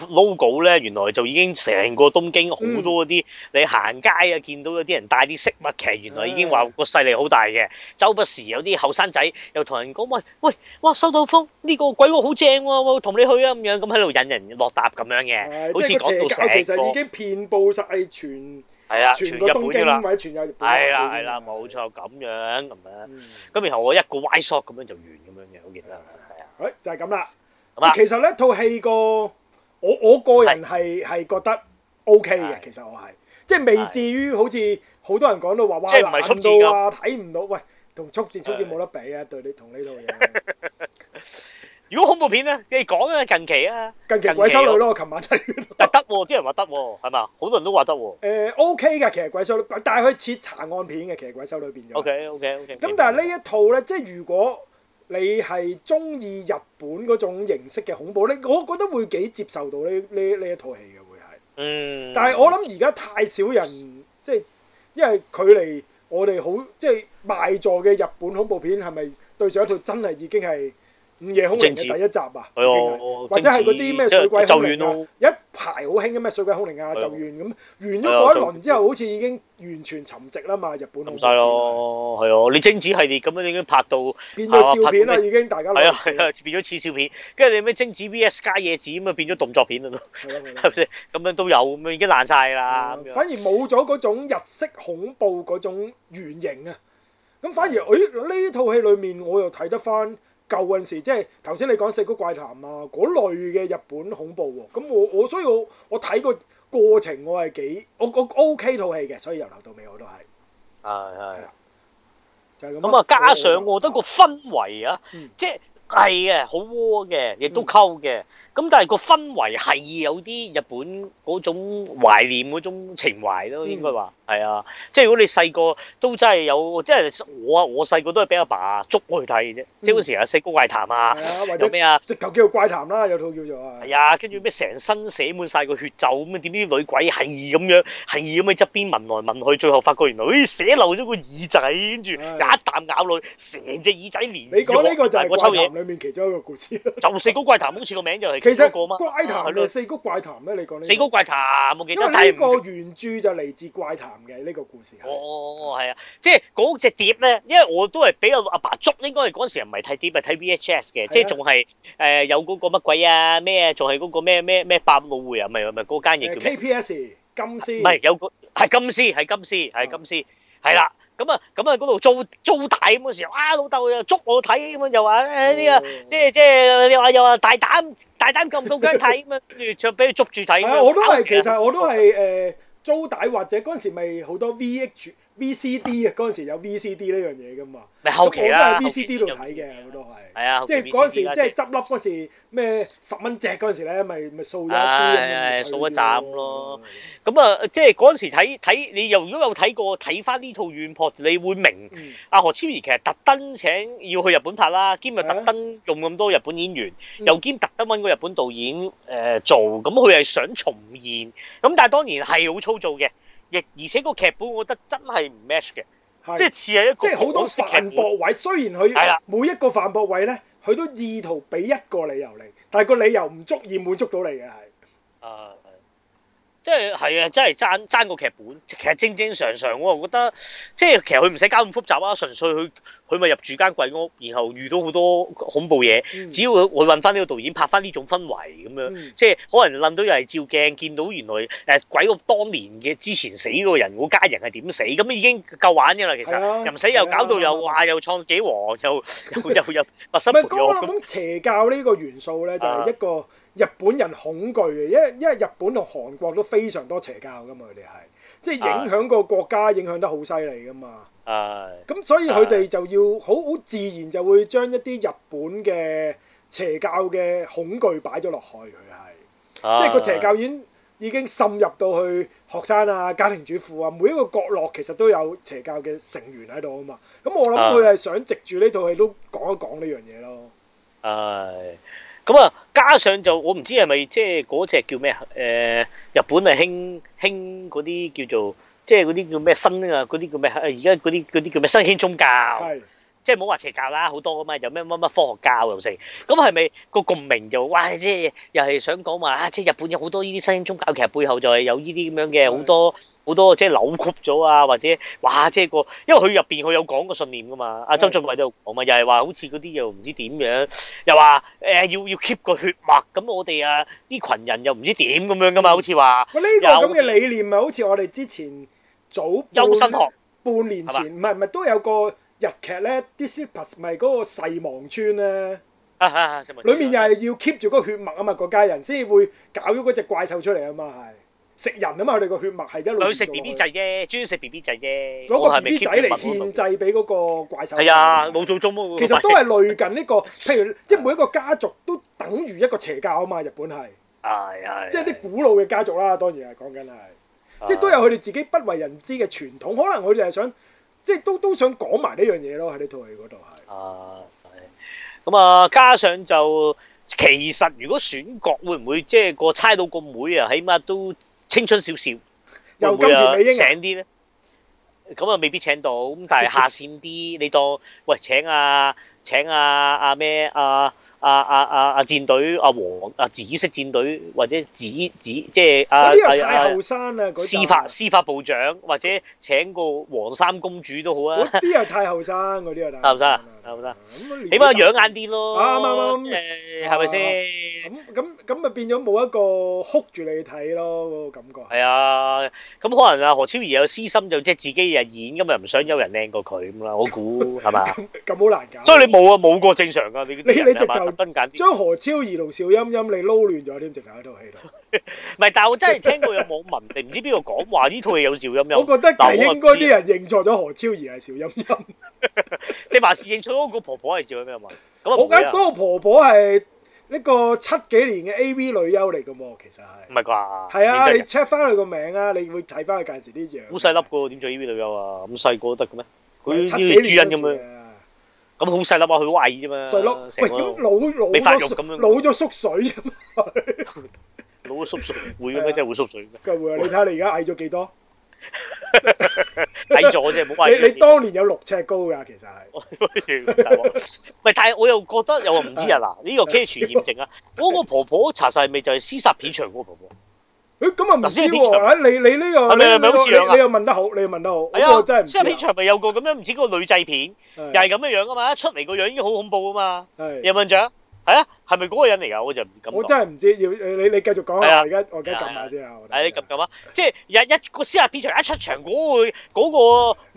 個 logo 咧，原來就已經成個東京好多啲、嗯、你行街啊，見到嗰啲人戴啲飾物嘅，其實原來已經話個勢力好大嘅。的周不時有啲後生仔又同人講：喂喂，哇，收到風呢、呢個鬼屋好正喎、我，同你去啊咁樣，咁喺度引人落搭咁樣嘅。的好似講到成個其實已經遍佈曬全係啦，全日本啦，係全日。係啦係啦，冇錯咁樣咁樣。咁、嗯、然後我一個 Y shot 咁樣就完咁樣嘅，好簡單。誒就係咁啦。咁啊，其實呢套戲個我我個人係係覺得 O K 嘅。其實我係即係未至於好似好多人講到話哇，唔到啊，睇唔到。喂，同速戰速戰冇得比啊！對你同呢套嘢。如果恐怖片咧，你講啊，近期啊，近期鬼修女咯，我琴晚睇。得喎，啲人話得喎，係嘛？好多人都話得喎。誒 O K 嘅，其實鬼修女，但係佢似查案片嘅，其實鬼修女入邊。O K O K O K。咁但係呢一套咧，即係如果。你係中意日本嗰種形式嘅恐怖呢？我覺得會幾接受到呢呢呢一套戲嘅。會係嗯，但係我諗而家太少人即係，因為距離我哋好即係賣座嘅日本恐怖片係咪對上一套真係已經係？午夜兇靈嘅第一集啊，哦、或者係嗰啲咩水鬼兇靈啊，一排好興嘅咩水鬼兇靈啊，就完咁、哦、完咗嗰一輪之後，哦、好似已經完全沉寂啦嘛，日本冧曬咯，係哦，哦，你貞子系列咁樣已經拍到變咗笑片啦，已經大家都係啊係啊，變咗似笑片，跟住你咩貞子 V.S 加夜子咁啊，變咗動作片啦都，係咪先咁樣都有咁啊，已經爛晒啦、哦，反而冇咗嗰種日式恐怖嗰種原型啊，咁反而誒呢、哎、套戲裏面我又睇得翻。舊嗰陣時，即係頭先你講《四谷怪談》啊，嗰類嘅日本恐怖喎。咁我我所以我我睇個過程我係幾我我 OK 套戲嘅，所以由頭到尾我都係係係，就係、是、咁。咁啊，加上我覺得個氛圍啊，嗯、即係。係啊，好窩嘅，亦都溝嘅。咁、嗯、但係個氛圍係有啲日本嗰種懷念嗰種情懷咯，應該話係啊。即係如果你細個都真係有，即係我啊，我細個都係俾阿爸捉去睇嘅啫。嗯、即係嗰時啊，《四哥怪談》啊、嗯，有咩啊？即狗叫怪談啦，有套叫做啊。係啊，跟住咩成身寫滿晒個血咒咁啊？點知女鬼係咁樣，係咁喺側邊聞來聞去，最後發覺原來咦寫漏咗個耳仔，跟住一啖咬落去，成隻耳仔連。你講呢個就係我抽嘢。裏面其中一個故事，就四谷怪談好似個名就係其實一個啊嘛。怪談係咯，四谷怪談咩，你講呢？四谷怪談我記得。因為呢個原著就嚟自怪談嘅呢個故事。哦哦哦，係啊，即係嗰隻碟咧，因為我都係畀我阿爸捉，應該係嗰時唔係睇碟，係睇 VHS 嘅，即係仲係誒有嗰個乜鬼啊？咩仲係嗰個咩咩咩百老匯啊？唔係唔係嗰間嘢叫咩？KPS 金獅。唔係有個係金獅，係金獅，係金獅。係啦，咁啊，咁啊，嗰度租租帶咁時候，啊老豆又捉我睇咁啊，又話咧呢個即係即係你話又話大膽大膽咁夠姜睇咁，跟住就俾佢捉住睇。我都係，其實我都係誒租帶或者嗰陣時咪好多 VH。VCD、嗯、啊，嗰陣時有 VCD 呢樣嘢噶嘛？咪後期都啦，VCD 度睇嘅，都係係啊，即係嗰陣時，即係執笠嗰時，咩十蚊隻嗰陣時咧，咪咪數一數一盞咯。咁啊，即係嗰陣時睇睇，你又如果有睇過睇翻呢套《怨泊》，你會明阿、嗯、何超儀其實特登請要去日本拍啦，兼又特登用咁多日本演員，嗯、又兼特登揾個日本導演誒做，咁佢係想重現，咁但係當然係好粗糙嘅。亦而且個劇本，我覺得真係唔 match 嘅，是即係似係一個即係好多反駁位。雖然佢每一個反駁位咧，佢的都意圖俾一個理由你，但係個理由唔足以滿足到你嘅係。即係係啊，真係爭爭個劇本，其實正正常常喎。我覺得即係其實佢唔使搞咁複雜啊，純粹佢佢咪入住間鬼屋，然後遇到好多恐怖嘢。只要佢揾翻呢個導演拍翻呢種氛圍咁樣，即係可能諗到又係照鏡見到原來誒鬼屋當年嘅之前死嗰個人，我家人係點死？咁已經夠玩㗎啦。其實，唔使又搞到又話又創幾禍，又又又密室逃脫。咁邪教呢個元素咧，就係一個日本人恐懼嘅，因為因為日本同韓國都非常多邪教㗎嘛，佢哋係即係影響個國家，影響得好犀利㗎嘛。咁、哎、所以佢哋就要好好自然就會將一啲日本嘅邪教嘅恐懼擺咗落去。佢係即係個邪教已經、哎、已經滲入到去學生啊、家庭主婦啊，每一個角落其實都有邪教嘅成員喺度啊嘛。咁我諗佢係想藉住呢套戲都講一講呢樣嘢咯。係、哎。咁啊，加上就我唔知係咪即係嗰隻叫咩誒、呃，日本係興興嗰啲叫做，即係嗰啲叫咩新啊？嗰啲叫咩啊？而家嗰啲嗰啲叫咩新興宗教？即係唔好話邪教啦，好多噶嘛，有咩乜乜科學教又成，咁係咪個共鳴就哇？即係又係想講話啊！即係日本有好多呢啲新興宗教，其實背後就係有呢啲咁樣嘅好多好是的 多，多，即係扭曲咗啊，或者哇！即係個因為佢入邊佢有講個信念噶嘛，阿周俊偉就講嘛，是的 又係話好似嗰啲又唔知點樣，又話誒、呃、要要 keep 個血脈，咁我哋啊啲群人又唔知點咁樣噶嘛，好似話。呢、嗯這個咁嘅理念，咪好似我哋之前早半休半息 半年前，唔係唔係都有個。日劇咧 d i s a p e r s 咪嗰個世望村咧，裏面又係要 keep 住嗰個血脈啊嘛，嗰家人先會搞咗嗰隻怪獸出嚟啊嘛，係食人啊嘛，佢哋個血脈係一路食 B B 仔嘅，專食 B B 仔嘅。嗰個 B B 仔嚟獻祭俾嗰個怪獸。係 啊，冇做中巫。其實都係類近呢、這個，譬如即係每一個家族都等於一個邪教啊嘛，日本係。係係。即係啲古老嘅家族啦，當然係講緊係，即係都有佢哋自己不為人知嘅傳統，可能佢哋係想。即係都都想講埋呢樣嘢咯，喺呢套戲嗰度係。啊，係。咁啊，加上就其實如果選角會唔會即係個猜到個妹啊，起碼都青春少少，又金錢美英醒啲咧。咁啊，未必請到，咁但係下線啲，欸、你當喂請阿、啊。請啊，阿咩啊啊啊，戰隊阿黃啊，紫色戰隊或者紫紫即係，啊，啲太後生啊，司法司法部長或者請個黃衫公主都好啊。嗰啲又太後生，嗰啲啊，得唔得啊？得唔得？起碼養眼啲咯。啱啱啱誒，係咪先？咁咁咁咪變咗冇一個哭住你睇咯，嗰個感覺係啊，咁可能啊何超儀有私心，就即係自己又演，咁又唔想有人靚過佢咁啦，我估係嘛？咁咁好難搞。所以你冇啊，冇過正常噶。你你直頭單簡啲，將何超儀同邵音音你撈亂咗，你直頭喺度戲到。唔係，但係我真係聽過有網民，定唔知邊個講話呢套嘢有邵音音。我覺得係應該啲人認錯咗何超儀係邵音音。你話係認錯咗個婆婆係邵音音嘛？咁啊冇啊。嗰個婆婆係。呢個七幾年嘅 A.V. 女優嚟㗎喎，其實係唔係啩？係啊，你 check 翻佢個名啊，你會睇翻佢近時啲樣。好細粒㗎喎，點做 A.V. 女優啊？咁細個都得嘅咩？佢好似豬印咁樣。咁好細粒啊！佢矮啫嘛。細粒，喂，老老咗，老咗縮水嘛？老咗縮水會嘅咩？真係會縮水咩？梗係會啦！你睇下你而家矮咗幾多？睇咗啫，冇關你你當年有六尺高噶，其實係。喂，但係我又覺得又話唔知呀嗱，呢個 case 全驗證啊？嗰個婆婆查晒未？就係撕殺片場嗰個婆婆。咁啊唔知喎。啊，你你呢個你你又問得好，你又問得好。係啊，真係撕殺片場咪有個咁樣，唔知嗰個女仔片又係咁嘅樣噶嘛？一出嚟個樣已經好恐怖啊嘛。有冇印象？係啊，係咪嗰個人嚟噶？我就唔敢。我真係唔知，要你你繼續講啊！我而家我而家撳下先啊！誒，你撳撳啊！即係一一個私下片場一出場嗰個要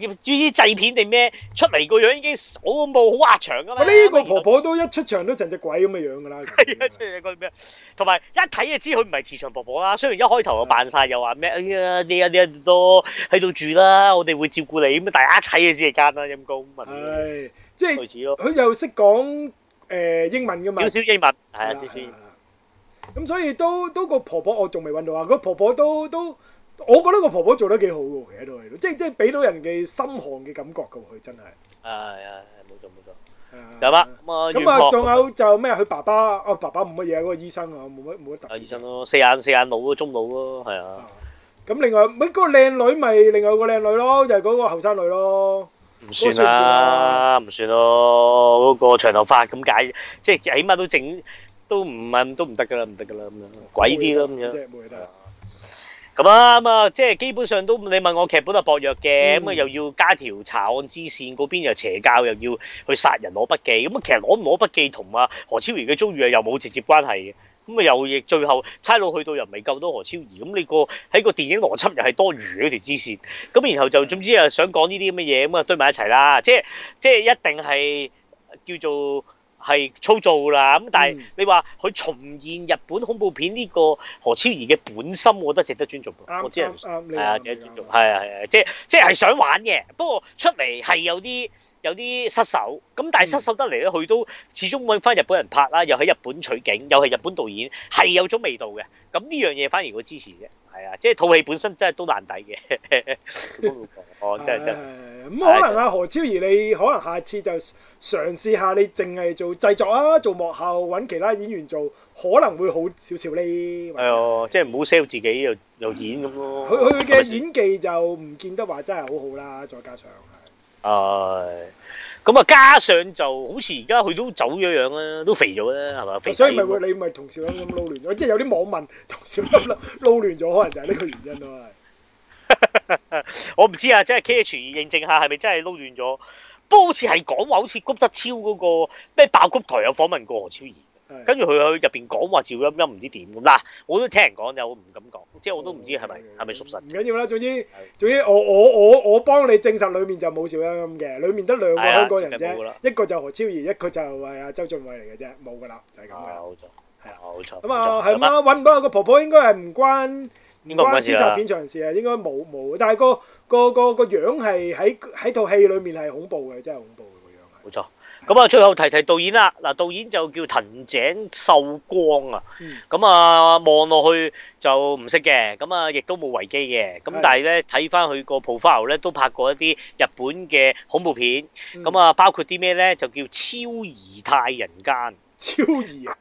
個，唔知製片定咩出嚟個樣已經好冇好壓場噶嘛？呢個婆婆都一出場都成隻鬼咁嘅樣噶啦！係啊，即係嗰啲咩？同埋一睇就知佢唔係慈祥婆婆啦。雖然一開頭又扮晒又話咩？哎呀，呢一呢一都喺度住啦，我哋會照顧你咁啊！但係一睇就知係奸啦，陰公問。係即係類似咯。佢又識講。誒英文嘅嘛，少少英文係啊，少少。咁所以都都個婆婆我仲未搵到啊，個婆婆都都，我覺得個婆婆做得幾好嘅喎，喺度喺度，即係即係俾到人哋心寒嘅感覺嘅喎，佢真係。係係係，冇錯冇錯。有乜？咁啊，仲有就咩？佢爸爸啊，爸爸冇乜嘢啊，嗰個醫生啊，冇乜冇乜特。阿醫生咯，四眼四眼佬咯，中佬咯，係啊。咁另外，咪嗰個靚女咪另外個靚女咯，就係嗰個後生女咯。唔算啦，唔算咯，嗰、個長頭髮咁解，即係起碼都整都唔問，都唔得噶啦，唔得噶啦咁樣，鬼啲咯咁樣。咁啊咁啊，即係基本上都你問我劇本係薄弱嘅，咁啊、嗯、又要加條查案支線，嗰邊又邪教，又要去殺人攞筆記，咁啊其實攞唔攞筆記同啊何超儀嘅遭遇又冇直接關係嘅，咁啊又亦最後差佬去到又未救到何超儀，咁你個喺個電影邏輯又係多餘嗰條支線，咁然後就總之啊想講呢啲咁嘅嘢，咁啊堆埋一齊啦，即係即係一定係叫做係粗糙啦，咁但係你話佢重現日本恐怖片呢個何超儀嘅本心，我覺得值得尊重。嗯、我只能係啊，值得尊重，係啊係啊，即係即係係想玩嘅，不過出嚟係有啲。有啲失手，咁但係失手得嚟咧，佢都始終揾翻日本人拍啦，又喺日本取景，又係日本導演，係有種味道嘅。咁呢樣嘢反而我支持嘅，係啊，即係套戲本身真係都難抵嘅。我、哦、真係真係。咁可能啊，何超儀，你可能下次就嘗試下，你淨係做製作啊，做幕後揾其他演員做，可能會好少少呢。係啊，即係唔好 sell 自己又又演咁咯。佢佢嘅演技就唔見得話真係好好啦，再加上。誒，咁啊，加上就好似而家佢都走咗樣啦，都肥咗啦，係嘛？所以咪會你咪同小林咁撈亂咗，即係有啲網民同小林撈亂咗，可能就係呢個原因咯。我唔知啊，即係 K H 認證下係咪真係撈亂咗？不過好似係講話，好似谷德超嗰個咩爆谷台有訪問過何超儀。跟住佢去入邊講話趙欣欣唔知點嗱，我都聽人講，就我唔敢講，即係我都唔知係咪係咪屬實。唔緊要啦，總之總之我我我我幫你證實裏面就冇趙欣欣嘅，裏面得兩個香港人啫，一個就何超儀，一個就係阿周俊偉嚟嘅啫，冇噶啦，就係咁嘅。冇錯，係啊，冇錯。咁啊，係嘛，搵唔到個婆婆應該係唔關，應該唔關。消失片場事啊，應該冇冇，但係個個個個樣係喺喺套戲裏面係恐怖嘅，真係恐怖嘅個樣。冇錯。咁啊，最後提提導演啦。嗱，導演就叫藤井秀光啊。咁啊、嗯，望落去就唔識嘅。咁啊，亦都冇維基嘅。咁但係咧，睇翻佢個 profile 咧，都拍過一啲日本嘅恐怖片。咁啊、嗯，包括啲咩咧？就叫超異態人間。超異啊！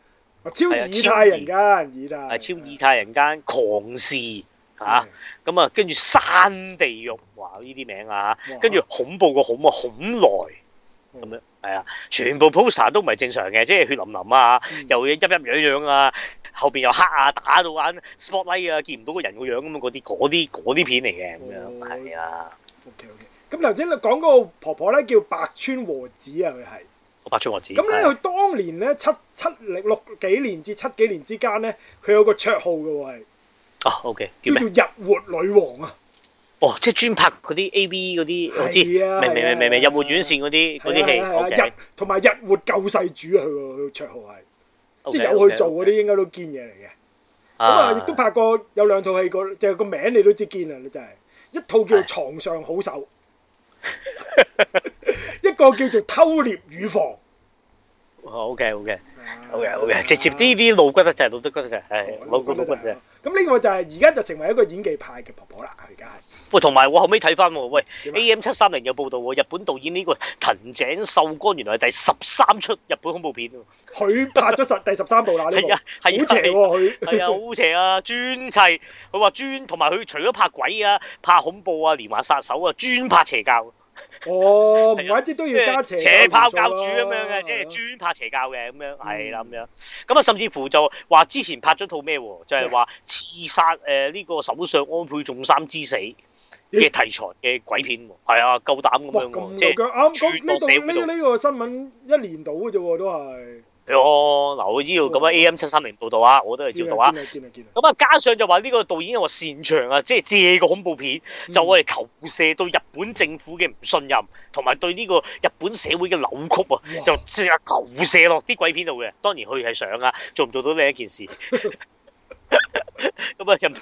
超異態人間，異超異態人，人，人間，狂事」嚇、嗯。咁啊，跟住山地獄哇！呢啲名啊，跟住哇恐怖個恐啊，恐來。咁樣，係啊、嗯，全部 poster 都唔係正常嘅，即係血淋淋啊，嗯、又陰陰癢癢啊，後邊又黑啊，打到眼 spotlight 啊，見唔到個人個樣咁、嗯、啊，嗰啲啲啲片嚟嘅，咁樣係啊。OK OK，咁頭先你講嗰個婆婆咧叫白川和子啊，佢係。白川和子。咁咧，佢當年咧、哎、呀七七零六,六幾年至七幾年之間咧，佢有個綽號嘅，係、啊。啊，OK 叫。叫咩？叫「日活女王」啊。哦，即係專拍嗰啲 A、B 嗰啲，我知，明明明明明，日活院線嗰啲啲戲，O K。同埋日活救世主啊，佢佢綽號係，即係有去做嗰啲應該都堅嘢嚟嘅。咁啊，亦都拍過有兩套戲，個就個名你都知堅啊，你真係一套叫《床上好手》，一個叫做《偷獵乳房》。O K，O K。好嘅，好嘅，直接呢啲老骨得滯，老骨骨滯，係老骨骨滯。咁呢個就係而家就成為一個演技派嘅婆婆啦，而家係。喂，同埋我後尾睇翻喎，喂，AM 七三零有報道喎，日本導演呢個藤井秀幹原來係第十三出日本恐怖片喎。佢拍咗十第十三部啦。係啊，係好邪喎佢。係啊，好邪啊！專砌，佢話專同埋佢除咗拍鬼啊、拍恐怖啊、連環殺手啊，專拍邪教。哦，唔怪之都要加邪邪教教主咁樣嘅，即係專拍邪教嘅咁樣，係啦咁樣。咁啊，甚至乎就話之前拍咗套咩？就係話刺殺誒呢個首相安倍晉三之死嘅題材嘅鬼片，係啊，夠膽咁樣，即係全部死到。呢呢個新聞一年到嘅啫，都係。哦，嗱，我知，度咁啊，AM 七三零報道啊，我都係照讀啊。咁啊，加上就話呢個導演又話擅長啊，即係借個恐怖片，嗯、就嚟投射到日本政府嘅唔信任，同埋對呢個日本社會嘅扭曲啊，就即刻投射落啲鬼片度嘅。當然佢係想啊，做唔做到呢一件事？ 咁啊，就唔知，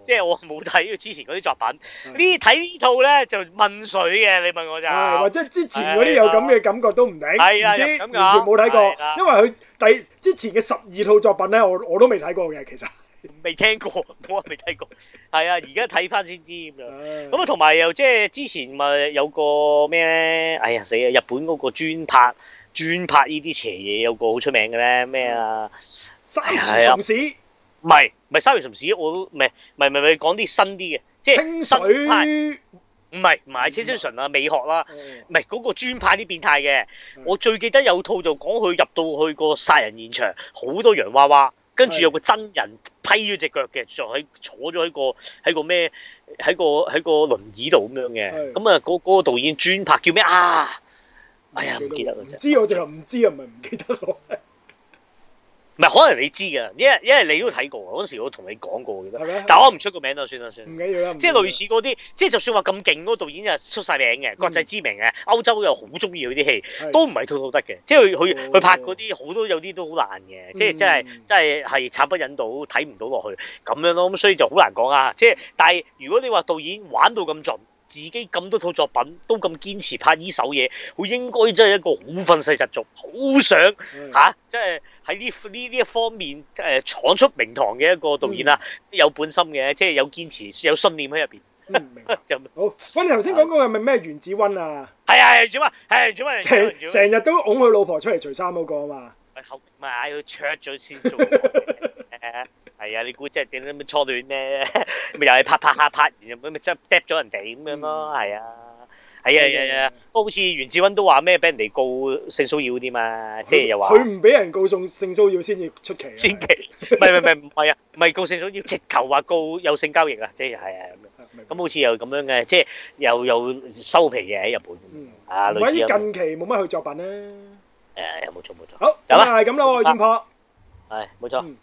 即係我冇睇佢之前嗰啲作品，哦、呢睇呢套咧就問水嘅，你問我就，或者之前嗰啲有咁嘅感覺都唔明是的 知，係啊，完全冇睇過，是的 因為佢第之前嘅十二套作品咧，我我都未睇過嘅，其實未聽過，我未睇過，係啊，而家睇翻先知咁樣，咁啊，同埋又即係之前咪有個咩？哎呀死啊！日本嗰個專拍專拍呢啲邪嘢有個好出名嘅咧咩啊？山田市唔係。唔係三池崇史我都唔係唔係唔係講啲新啲嘅，即係水新派、嗯、水唔係唔係車車神啦，美學啦，唔係嗰個專拍啲變態嘅。嗯、我最記得有套就講佢入到去個殺人現場，好多洋娃娃，跟住有個真人批咗隻腳嘅，就喺是坐咗喺個喺個咩喺個喺個,個輪椅度咁樣嘅。咁啊是，嗰嗰、嗰個嗰個導演專拍叫咩啊？哎呀，唔記得啦，知我就唔知啊，唔係唔記得咯。 唔係，可能你知㗎，因為因為你都睇過，過，嗰時我同你講過嘅。得。的但我唔出個名就算啦算。唔緊即係類似嗰啲，即係就算話咁勁嗰個導演啊，出晒名嘅國際知名嘅，嗯、歐洲又好鍾意佢啲戲，的都唔係套套得嘅，即係佢佢佢拍嗰啲好多有啲都好爛嘅，即係真係真係係慘不忍睹，睇唔到落去咁樣咯。咁所以就好難講啊。即係，但係如果你話導演玩到咁盡。自己咁多套作品都咁堅持拍呢首嘢，佢應該真係一個好憤世嫉俗、好想嚇、嗯啊，即係喺呢呢呢一方面誒闖、呃、出名堂嘅一個導演啦，嗯、有本心嘅，即係有堅持、有信念喺入邊。明 就好，咁你頭先講嗰個係咪咩園子溫啊？係啊，啊，做乜？係、啊、做咩？成日都擁佢老婆出嚟除衫嗰個啊嘛？後咪嗌佢灼咗先做。係啊，你估真係點咧？初戀咧，咪又係拍拍下，拍完又咪咪即係 drop 咗人哋咁樣咯？係啊，係啊，係啊，都好似袁志温都話咩？俾人哋告性騷擾啲嘛？即係又話佢唔俾人告性騷擾先至出奇，先奇，唔唔唔，唔係啊，唔係告性騷擾，即係直球話告有性交易啊！即係係啊，咁好似又咁樣嘅，即係又又收皮嘅喺日本，啊，類似啊。喂，近期冇乜去作品啊？誒，冇錯冇錯。好，咁啊，係咁咯，怨泊係，冇錯。